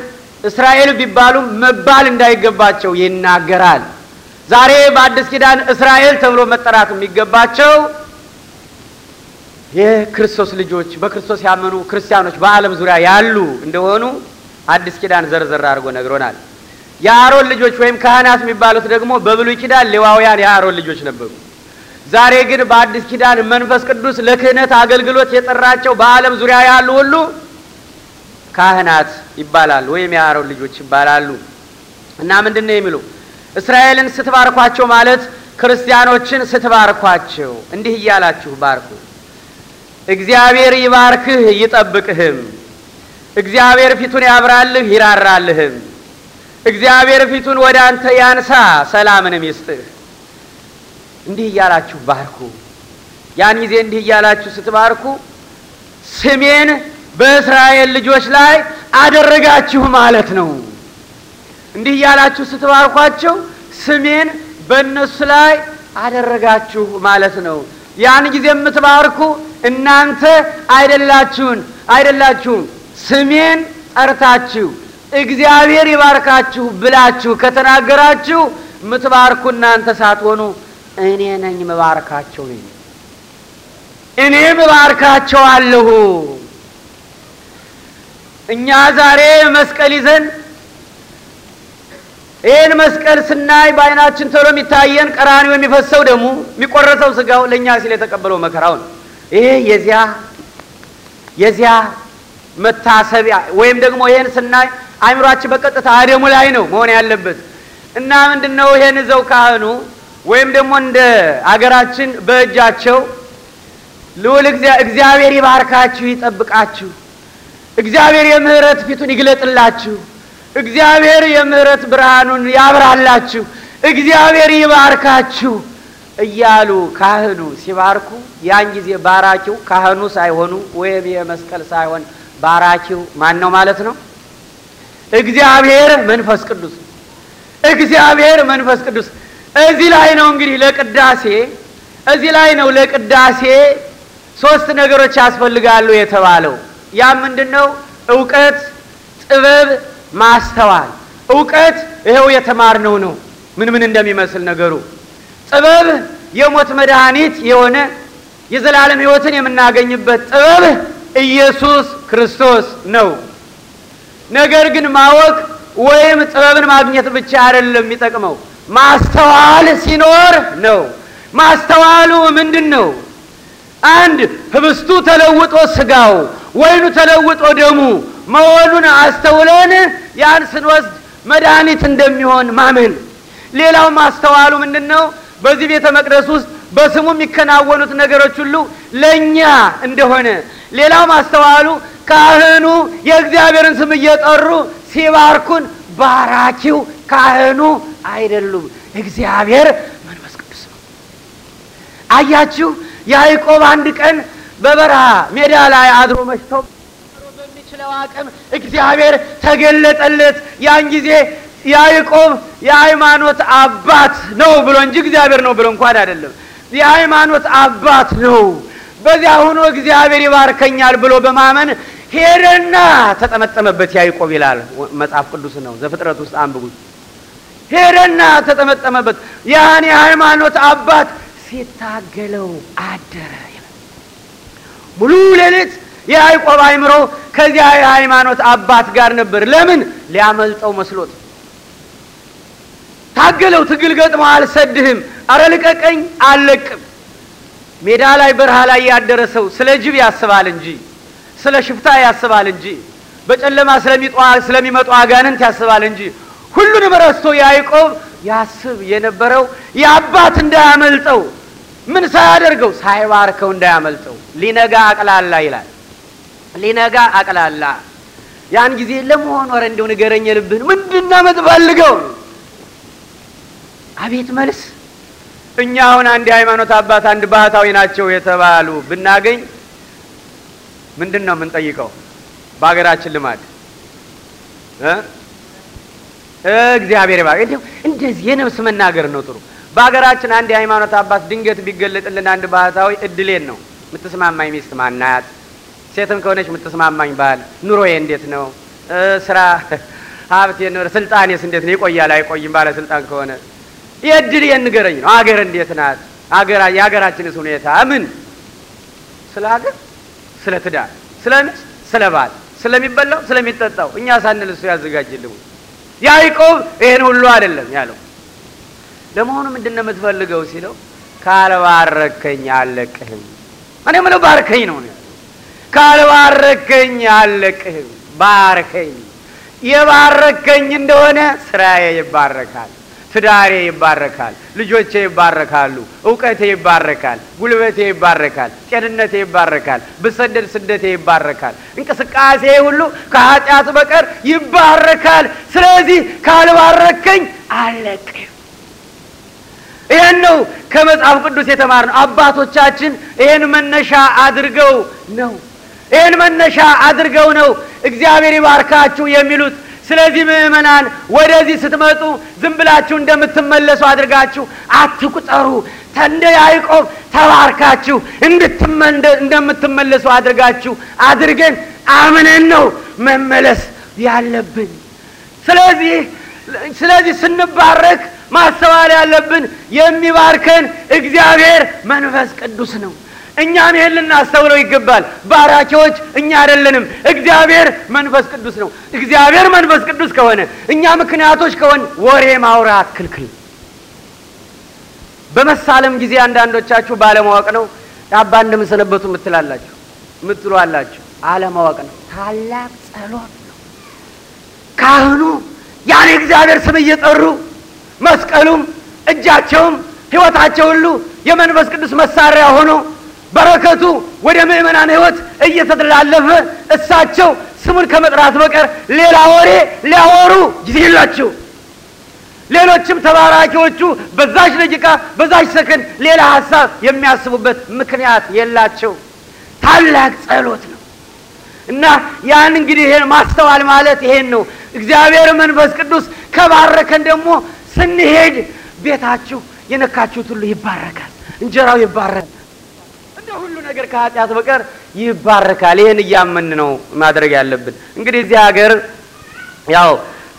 እስራኤል ቢባሉ መባል እንዳይገባቸው ይናገራል። ዛሬ በአዲስ ኪዳን እስራኤል ተብሎ መጠራት የሚገባቸው የክርስቶስ ልጆች በክርስቶስ ያመኑ ክርስቲያኖች በዓለም ዙሪያ ያሉ እንደሆኑ አዲስ ኪዳን ዘርዘር አድርጎ ነግሮናል። የአሮን ልጆች ወይም ካህናት የሚባሉት ደግሞ በብሉይ ኪዳን ሌዋውያን የአሮን ልጆች ነበሩ። ዛሬ ግን በአዲስ ኪዳን መንፈስ ቅዱስ ለክህነት አገልግሎት የጠራቸው በዓለም ዙሪያ ያሉ ሁሉ ካህናት ይባላሉ ወይም የአሮን ልጆች ይባላሉ። እና ምንድን ነው የሚሉ እስራኤልን ስትባርኳቸው ማለት ክርስቲያኖችን ስትባርኳቸው እንዲህ እያላችሁ ባርኩ። እግዚአብሔር ይባርክህ ይጠብቅህም። እግዚአብሔር ፊቱን ያብራልህ ይራራልህም። እግዚአብሔር ፊቱን ወደ አንተ ያንሳ ሰላምንም ይስጥህ። እንዲህ እያላችሁ ባርኩ። ያን ጊዜ እንዲህ እያላችሁ ስትባርኩ ስሜን በእስራኤል ልጆች ላይ አደረጋችሁ ማለት ነው። እንዲህ እያላችሁ ስትባርኳቸው ስሜን በእነሱ ላይ አደረጋችሁ ማለት ነው። ያን ጊዜ የምትባርኩ እናንተ አይደላችሁን አይደላችሁም ስሜን ጠርታችሁ እግዚአብሔር ይባርካችሁ ብላችሁ ከተናገራችሁ ምትባርኩ እናንተ ሳትሆኑ እኔ ነኝ መባርካቸው ነኝ እኔ መባርካቸው አለሁ። እኛ ዛሬ መስቀል ይዘን ይህን መስቀል ስናይ በአይናችን ቶሎ የሚታየን ቀራኒው የሚፈሰው ደሙ የሚቆረሰው ስጋው ለእኛ ሲል የተቀበለው መከራው ነው። ይህ የዚያ የዚያ መታሰቢያ ወይም ደግሞ ይህን ስናይ አይምሯችን በቀጥታ አደሙ ላይ ነው መሆን ያለበት እና ምንድን ነው ይህን ይዘው ካህኑ ወይም ደግሞ እንደ አገራችን በእጃቸው ልውል እግዚአብሔር ይባርካችሁ ይጠብቃችሁ እግዚአብሔር የምህረት ፊቱን ይግለጥላችሁ። እግዚአብሔር የምህረት ብርሃኑን ያብራላችሁ። እግዚአብሔር ይባርካችሁ እያሉ ካህኑ ሲባርኩ ያን ጊዜ ባራኪው ካህኑ ሳይሆኑ ወይም የመስቀል ሳይሆን ባራኪው ማን ነው ማለት ነው? እግዚአብሔር መንፈስ ቅዱስ እግዚአብሔር መንፈስ ቅዱስ። እዚህ ላይ ነው እንግዲህ ለቅዳሴ እዚህ ላይ ነው ለቅዳሴ ሶስት ነገሮች ያስፈልጋሉ የተባለው። ያ ምንድን ነው? እውቀት፣ ጥበብ፣ ማስተዋል። እውቀት ይኸው የተማርነው ነው ምን ምን እንደሚመስል ነገሩ። ጥበብ የሞት መድኃኒት የሆነ የዘላለም ሕይወትን የምናገኝበት ጥበብ ኢየሱስ ክርስቶስ ነው። ነገር ግን ማወቅ ወይም ጥበብን ማግኘት ብቻ አይደለም የሚጠቅመው ማስተዋል ሲኖር ነው። ማስተዋሉ ምንድን ነው? አንድ ህብስቱ ተለውጦ ስጋው ወይኑ ተለውጦ ደሙ መሆኑን አስተውለን ያን ስንወስድ መድኃኒት እንደሚሆን ማመን። ሌላው ማስተዋሉ ምንድን ነው? በዚህ ቤተ መቅደስ ውስጥ በስሙ የሚከናወኑት ነገሮች ሁሉ ለእኛ እንደሆነ። ሌላው ማስተዋሉ ካህኑ የእግዚአብሔርን ስም እየጠሩ ሲባርኩን ባራኪው ካህኑ አይደሉም፣ እግዚአብሔር መንፈስ ቅዱስ ነው። አያችሁ፣ ያዕቆብ አንድ ቀን በበረሃ ሜዳ ላይ አድሮ መሽቶ በሚችለው አቅም እግዚአብሔር ተገለጠለት። ያን ጊዜ ያዕቆብ የሃይማኖት አባት ነው ብሎ እንጂ እግዚአብሔር ነው ብሎ እንኳን አይደለም፣ የሃይማኖት አባት ነው። በዚያ ሆኖ እግዚአብሔር ይባርከኛል ብሎ በማመን ሄደና ተጠመጠመበት ያዕቆብ ይላል መጽሐፍ ቅዱስ ነው። ዘፍጥረት ውስጥ አንብቡት። ሄደና ተጠመጠመበት። ያን የሃይማኖት አባት ሲታገለው አደረ። ሙሉ ሌሊት የያዕቆብ አይምሮ ከዚያ የሃይማኖት አባት ጋር ነበር። ለምን ሊያመልጠው መስሎት ታገለው። ትግል ገጥሞ አልሰድህም፣ አረ ልቀቀኝ፣ አልለቅም። ሜዳ ላይ በረሃ ላይ ያደረ ሰው ስለ ጅብ ያስባል እንጂ ስለ ሽፍታ ያስባል እንጂ በጨለማ ስለሚመጡ አጋንንት ያስባል እንጂ ሁሉንም ረስቶ ያዕቆብ ያስብ የነበረው የአባት እንዳያመልጠው ምን ሳያደርገው ሳይባርከው እንዳያመልጠው ሊነጋ አቅላላ ይላል። ሊነጋ አቅላላ። ያን ጊዜ ለመሆኑ ኧረ እንደው ንገረኝ ልብህን ምንድና ነው አቤት መልስ። እኛ አሁን አንድ የሃይማኖት አባት አንድ ባህታዊ ናቸው የተባሉ ብናገኝ ምንድን ነው የምንጠይቀው? በሀገራችን ልማድ እግዚአብሔር ባ እንደዚህ የነብስ መናገር ነው ጥሩ። በሀገራችን አንድ የሃይማኖት አባት ድንገት ቢገለጥልን አንድ ባህታዊ እድሌን ነው የምትስማማኝ ሚስት ማናት? ሴትም ከሆነች የምትስማማኝ ባል፣ ኑሮዬ እንዴት ነው? ስራ፣ ሀብት፣ ስልጣኔስ እንዴት ነው? ይቆያል አይቆይም? ባለስልጣን ከሆነ የድል የንገረኝ ነው። አገር እንዴት ናት? የሀገራችንስ ሁኔታ ምን? ስለ ሀገር፣ ስለ ትዳር፣ ስለ ሚስት፣ ስለ ባል፣ ስለሚበላው፣ ስለሚጠጣው እኛ ሳንል እሱ ያዘጋጅልሙ። ያዕቆብ ይህን ሁሉ አይደለም ያለው። ለመሆኑ ምንድን ነው የምትፈልገው ሲለው ካልባረከኝ አለቅህም እኔ ምን ባርከኝ ነው ካልባረከኝ አለቅህም። ባርከኝ የባረከኝ እንደሆነ ስራዬ ይባረካል፣ ትዳሬ ይባረካል፣ ልጆቼ ይባረካሉ፣ እውቀቴ ይባረካል፣ ጉልበቴ ይባረካል፣ ጤንነቴ ይባረካል፣ ብሰደድ ስደቴ ይባረካል፣ እንቅስቃሴ ሁሉ ከኃጢአት በቀር ይባረካል። ስለዚህ ካልባረከኝ አለቅህም። ይህን ነው ከመጽሐፍ ቅዱስ የተማርነው። አባቶቻችን ይህን መነሻ አድርገው ነው ይህን መነሻ አድርገው ነው እግዚአብሔር ይባርካችሁ የሚሉት። ስለዚህ ምእመናን ወደዚህ ስትመጡ ዝም ብላችሁ እንደምትመለሱ አድርጋችሁ አትቁጠሩ። እንደ ያዕቆብ ተባርካችሁ እንደምትመለሱ አድርጋችሁ አድርገን አምነን ነው መመለስ ያለብን። ስለዚህ ስለዚህ ስንባረክ ማስተዋል ያለብን የሚባርከን እግዚአብሔር መንፈስ ቅዱስ ነው። እኛም ይህን ልናስተውለው ይገባል። ባራኪዎች እኛ አይደለንም፣ እግዚአብሔር መንፈስ ቅዱስ ነው። እግዚአብሔር መንፈስ ቅዱስ ከሆነ እኛ ምክንያቶች ከሆን ወሬ ማውራት ክልክል። በመሳለም ጊዜ አንዳንዶቻችሁ ባለማወቅ ነው አባ እንደምሰነበቱ ምትላላችሁ ምትሉ አላችሁ። አለማወቅ ነው። ታላቅ ጸሎት ነው። ካህኑ ያን እግዚአብሔር ስም እየጠሩ መስቀሉም እጃቸውም ህይወታቸው ሁሉ የመንፈስ ቅዱስ መሳሪያ ሆኖ በረከቱ ወደ ምእመናን ህይወት እየተተላለፈ እሳቸው ስሙን ከመጥራት በቀር ሌላ ወሬ ሊያወሩ ጊዜ የላቸው። ሌሎችም ተባራኪዎቹ በዛች ደቂቃ በዛች ሰከን ሌላ ሀሳብ የሚያስቡበት ምክንያት የላቸው። ታላቅ ጸሎት ነው እና ያን እንግዲህ ይሄን ማስተዋል ማለት ይሄን ነው። እግዚአብሔር መንፈስ ቅዱስ ከባረከን ደግሞ ስንሄድ ቤታችሁ የነካችሁት ሁሉ ይባረካል፣ እንጀራው ይባረካል፣ እንደ ሁሉ ነገር ከኃጢአት በቀር ይባረካል። ይህን እያመን ነው ማድረግ ያለብን። እንግዲህ እዚህ ሀገር ያው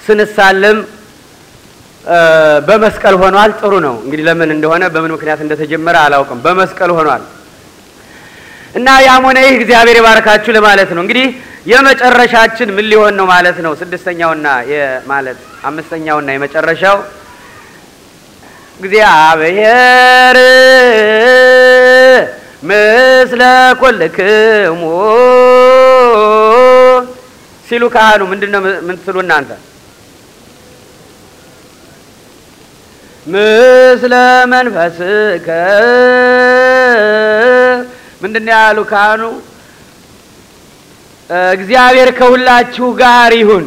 ስንሳለም በመስቀል ሆኗል። ጥሩ ነው እንግዲህ ለምን እንደሆነ በምን ምክንያት እንደተጀመረ አላውቅም። በመስቀል ሆኗል እና ያም ሆነ ይህ እግዚአብሔር ይባርካችሁ ለማለት ነው። እንግዲህ የመጨረሻችን ምን ሊሆን ነው ማለት ነው። ስድስተኛውና ማለት አምስተኛውና የመጨረሻው እግዚአብሔር ምስለ ኮልክሙ ሲሉ ካህኑ ምንድን ነው የምትሉ እናንተ? ምስለ መንፈስከ ምንድን ያሉ ካህኑ? እግዚአብሔር ከሁላችሁ ጋር ይሁን፣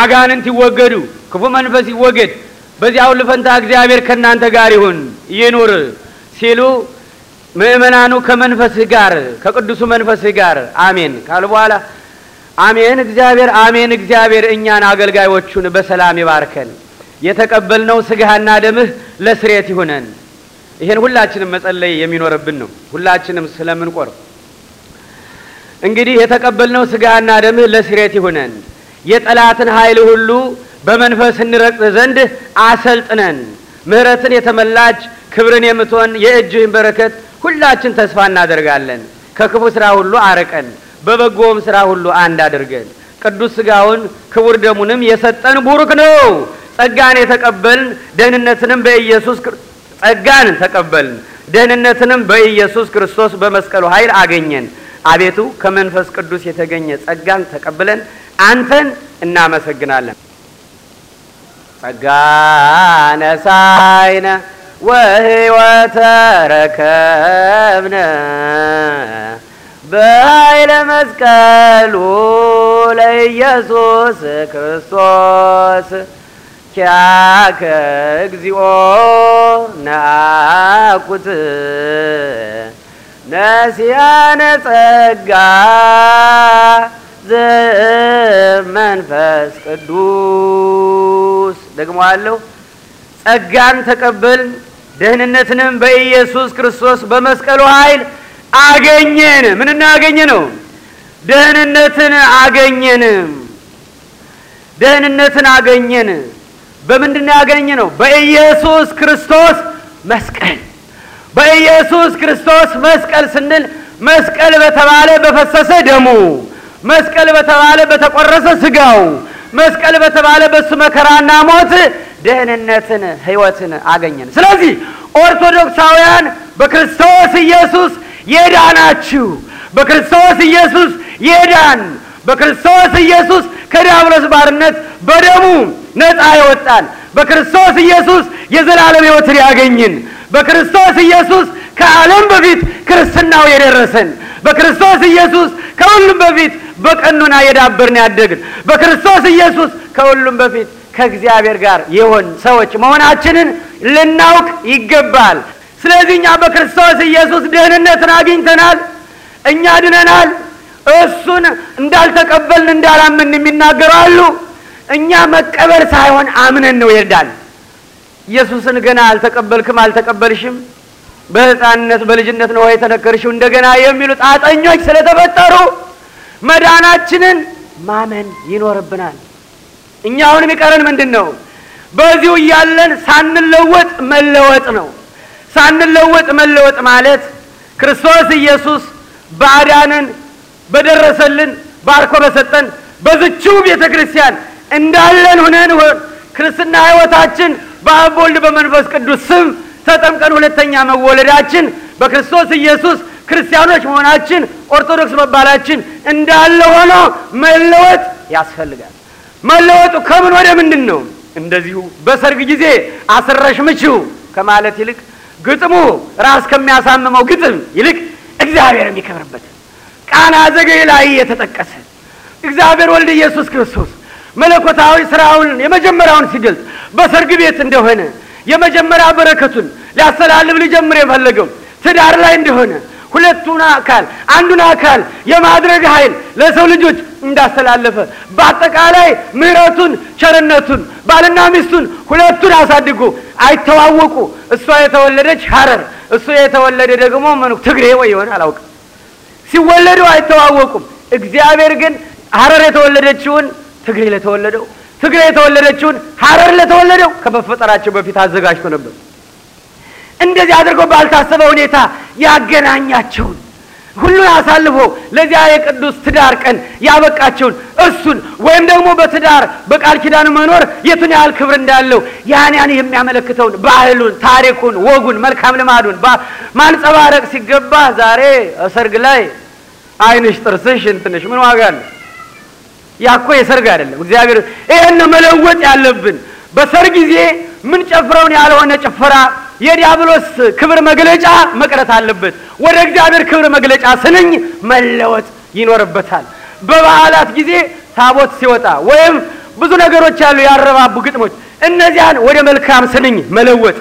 አጋንንት ይወገዱ፣ ክፉ መንፈስ ይወገድ በዚያ ሁሉ ፈንታ እግዚአብሔር ከእናንተ ጋር ይሁን ይኑር ሲሉ ምእመናኑ ከመንፈስህ ጋር ከቅዱሱ መንፈስህ ጋር አሜን ካሉ በኋላ አሜን እግዚአብሔር አሜን እግዚአብሔር እኛን አገልጋዮቹን በሰላም ይባርከን፣ የተቀበልነው ስጋህና ደምህ ለስሬት ይሁነን። ይሄን ሁላችንም መጸለይ የሚኖርብን ነው። ሁላችንም ስለምንቆርብ እንግዲህ የተቀበልነው ስጋህና ደምህ ለስሬት ይሁነን፣ የጠላትን ኃይል ሁሉ በመንፈስ እንረቅጽ ዘንድ አሰልጥነን። ምህረትን የተመላች ክብርን የምትሆን የእጅህን በረከት ሁላችን ተስፋ እናደርጋለን። ከክፉ ስራ ሁሉ አረቀን በበጎም ስራ ሁሉ አንድ አድርገን ቅዱስ ስጋውን ክቡር ደሙንም የሰጠን ቡሩክ ነው። ጸጋን የተቀበልን ደህንነትንም በኢየሱስ ጸጋን ተቀበልን ደህንነትንም በኢየሱስ ክርስቶስ በመስቀሉ ኃይል አገኘን። አቤቱ ከመንፈስ ቅዱስ የተገኘ ጸጋን ተቀብለን አንተን እናመሰግናለን። ጸጋነ ሳይነ ወህይወተ ረከብነ በኃይለ መስቀሉ ለኢየሱስ ክርስቶስ ኪያከ እግዚኦ ነአኩት ነሲያነ ጸጋ ዘመንፈስ ቅዱስ ደግሞ አለው ጸጋን ተቀበልን ደህንነትንም በኢየሱስ ክርስቶስ በመስቀሉ ኃይል አገኘን። ምን እናገኘ ነው? ደህንነትን አገኘን። ደህንነትን አገኘን። በምንድን ያገኘ ነው? በኢየሱስ ክርስቶስ መስቀል። በኢየሱስ ክርስቶስ መስቀል ስንል መስቀል በተባለ በፈሰሰ ደሙ፣ መስቀል በተባለ በተቆረሰ ስጋው መስቀል በተባለ በሱ መከራና ሞት ደህንነትን፣ ህይወትን አገኘን። ስለዚህ ኦርቶዶክሳውያን በክርስቶስ ኢየሱስ የዳናችሁ፣ በክርስቶስ ኢየሱስ የዳን፣ በክርስቶስ ኢየሱስ ከዲያብሎስ ባርነት በደሙ ነፃ ይወጣል በክርስቶስ ኢየሱስ የዘላለም ህይወትን ያገኝን፣ በክርስቶስ ኢየሱስ ከዓለም በፊት ክርስትናው የደረሰን፣ በክርስቶስ ኢየሱስ ከሁሉም በፊት በቀኑና የዳበርን ያደግን በክርስቶስ ኢየሱስ ከሁሉም በፊት ከእግዚአብሔር ጋር የሆን ሰዎች መሆናችንን ልናውቅ ይገባል። ስለዚህ እኛ በክርስቶስ ኢየሱስ ደህንነትን አግኝተናል። እኛ ድነናል። እሱን እንዳልተቀበልን እንዳላምን የሚናገሩ አሉ። እኛ መቀበል ሳይሆን አምነን ነው ይርዳል። ኢየሱስን ገና አልተቀበልክም፣ አልተቀበልሽም፣ በህፃንነት በልጅነት ነው የተነከርሽው እንደገና የሚሉ ጣጠኞች ስለተፈጠሩ መዳናችንን ማመን ይኖርብናል። እኛ አሁን የሚቀረን ምንድን ነው? በዚሁ እያለን ሳንለወጥ መለወጥ ነው። ሳንለወጥ መለወጥ ማለት ክርስቶስ ኢየሱስ ባዳንን በደረሰልን ባርኮ በሰጠን በዝችው ቤተ ክርስቲያን እንዳለን ሁነን ክርስትና ሕይወታችን በአብ ወልድ በመንፈስ ቅዱስ ስም ተጠምቀን ሁለተኛ መወለዳችን በክርስቶስ ኢየሱስ ክርስቲያኖች መሆናችን ኦርቶዶክስ መባላችን እንዳለ ሆኖ መለወጥ ያስፈልጋል። መለወጡ ከምን ወደ ምንድን ነው? እንደዚሁ በሰርግ ጊዜ አስረሽ ምችው ከማለት ይልቅ ግጥሙ ራስ ከሚያሳምመው ግጥም ይልቅ እግዚአብሔር የሚከብርበት ቃና ዘገሊላ የተጠቀሰ እግዚአብሔር ወልድ ኢየሱስ ክርስቶስ መለኮታዊ ስራውን የመጀመሪያውን ሲገልጽ በሰርግ ቤት እንደሆነ የመጀመሪያ በረከቱን ሊያስተላልፍ ሊጀምር የፈለገው ትዳር ላይ እንደሆነ ሁለቱን አካል አንዱን አካል የማድረግ ኃይል ለሰው ልጆች እንዳስተላለፈ በአጠቃላይ ምሕረቱን፣ ቸርነቱን ባልና ሚስቱን ሁለቱን አሳድጎ አይተዋወቁ። እሷ የተወለደች ሀረር እሱ የተወለደ ደግሞ ምኑ ትግሬ ወይ ይሆን አላውቅም። ሲወለዱ አይተዋወቁም። እግዚአብሔር ግን ሀረር የተወለደችውን ትግሬ ለተወለደው፣ ትግሬ የተወለደችውን ሀረር ለተወለደው ከመፈጠራቸው በፊት አዘጋጅቶ ነበር። እንደዚህ አድርጎ ባልታሰበ ሁኔታ ያገናኛቸውን ሁሉን አሳልፎ ለዚያ የቅዱስ ትዳር ቀን ያበቃቸውን እሱን ወይም ደግሞ በትዳር በቃል ኪዳን መኖር የቱን ያህል ክብር እንዳለው ያን ያን የሚያመለክተውን ባህሉን፣ ታሪኩን፣ ወጉን፣ መልካም ልማዱን ማንጸባረቅ ሲገባ ዛሬ ሰርግ ላይ አይንሽ፣ ጥርስሽ እንትንሽ ምን ዋጋ አለ? ያ እኮ የሰርግ አይደለም። እግዚአብሔር ይህን መለወጥ ያለብን በሰርግ ጊዜ ምን ጨፍረውን ያልሆነ ጭፈራ የዲያብሎስ ክብር መግለጫ መቅረት አለበት። ወደ እግዚአብሔር ክብር መግለጫ ስንኝ መለወጥ ይኖርበታል። በበዓላት ጊዜ ታቦት ሲወጣ ወይም ብዙ ነገሮች ያሉ ያረባቡ ግጥሞች፣ እነዚያን ወደ መልካም ስንኝ መለወጥ፣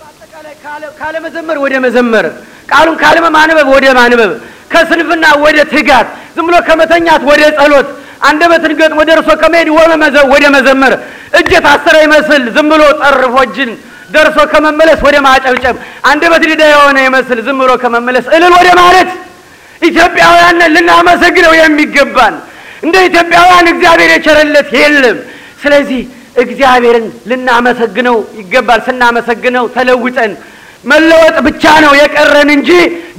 በአጠቃላይ ካለመዘመር ወደ መዘመር፣ ቃሉን ካለማንበብ ወደ ማንበብ፣ ከስንፍና ወደ ትጋት፣ ዝም ብሎ ከመተኛት ወደ ጸሎት አንደበትን ገጥሞ ደርሶ ከመሄድ ወደ መዘመር እጀ ታሰረ ይመስል ዝም ብሎ ጠርፎ እጅን ደርሶ ከመመለስ ወደ ማጨብጨብ አንደበት ዲዳ የሆነ ይመስል ዝም ብሎ ከመመለስ እልል ወደ ማለት ኢትዮጵያውያን ልናመሰግነው የሚገባን እንደ ኢትዮጵያውያን እግዚአብሔር የቸረለት የለም። ስለዚህ እግዚአብሔርን ልናመሰግነው ይገባል። ስናመሰግነው ተለውጠን መለወጥ ብቻ ነው የቀረን እንጂ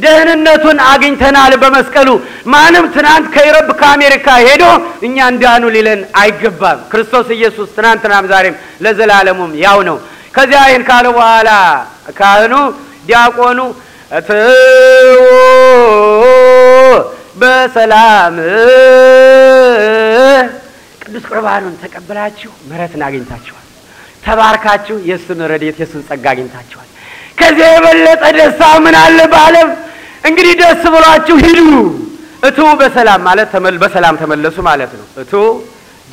ደህንነቱን አግኝተናል በመስቀሉ። ማንም ትናንት ከኢሮብ ከአሜሪካ ሄዶ እኛ እንዳኑ ሊለን አይገባም። ክርስቶስ ኢየሱስ ትናንትናም ዛሬም ለዘላለሙም ያው ነው። ከዚያ ይህን ካለ በኋላ ካህኑ ዲያቆኑ ትው በሰላም ቅዱስ ቁርባኑን ተቀብላችሁ ምሕረትን አግኝታችኋል። ተባርካችሁ የእሱን ረድኤት የእሱን ጸጋ አግኝታችኋል። ከዚያ የበለጠ ደስታ ምን አለ በዓለም? እንግዲህ ደስ ብሏችሁ ሂዱ። እቱ በሰላም ማለት በሰላም ተመለሱ ማለት ነው። እቱ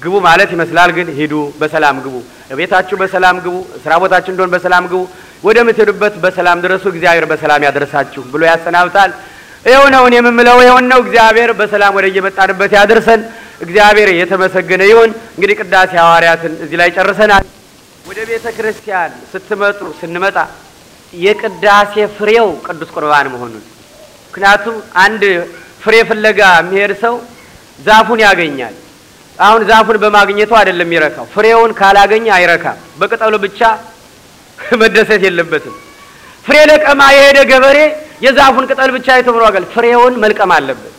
ግቡ ማለት ይመስላል፣ ግን ሂዱ በሰላም ግቡ። ቤታችሁ በሰላም ግቡ። ስራ ቦታችሁ እንደሆን በሰላም ግቡ። ወደ ምትሄዱበት በሰላም ድረሱ፣ እግዚአብሔር በሰላም ያደርሳችሁ ብሎ ያሰናብታል። ይኸው ነው እኔ የምምለው ይኸውን ነው። እግዚአብሔር በሰላም ወደ እየመጣንበት ያደርሰን። እግዚአብሔር የተመሰገነ ይሁን። እንግዲህ ቅዳሴ ሐዋርያትን እዚህ ላይ ጨርሰናል። ወደ ቤተ ክርስቲያን ስትመጡ ስንመጣ የቅዳሴ ፍሬው ቅዱስ ቁርባን መሆኑን ምክንያቱም አንድ ፍሬ ፍለጋ የሚሄድ ሰው ዛፉን ያገኛል አሁን ዛፉን በማግኘቱ አይደለም ይረካው። ፍሬውን ካላገኘ አይረካም። በቅጠሉ ብቻ መደሰት የለበትም። ፍሬ ለቀማ የሄደ ገበሬ የዛፉን ቅጠል ብቻ አይተምሯጋል። ፍሬውን መልቀም አለበት።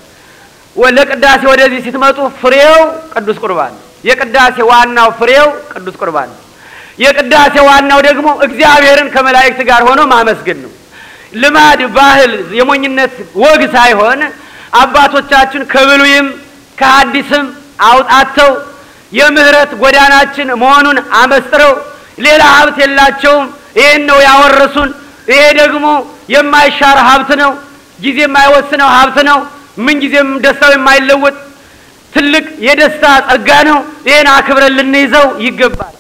ለቅዳሴ ወደዚህ ስትመጡ ፍሬው ቅዱስ ቁርባን፣ የቅዳሴ ዋናው ፍሬው ቅዱስ ቁርባን ነው። የቅዳሴ ዋናው ደግሞ እግዚአብሔርን ከመላእክት ጋር ሆኖ ማመስገን ነው። ልማድ፣ ባህል፣ የሞኝነት ወግ ሳይሆን አባቶቻችን ከብሉይም ከሐዲስም አውጣተው የምህረት ጎዳናችን መሆኑን አመስጥረው ሌላ ሀብት የላቸውም። ይህን ነው ያወረሱን። ይሄ ደግሞ የማይሻር ሀብት ነው፣ ጊዜ የማይወስነው ሀብት ነው። ምንጊዜም ደስታው የማይለወጥ ትልቅ የደስታ ጸጋ ነው። ይህን አክብረን ልንይዘው ይገባል።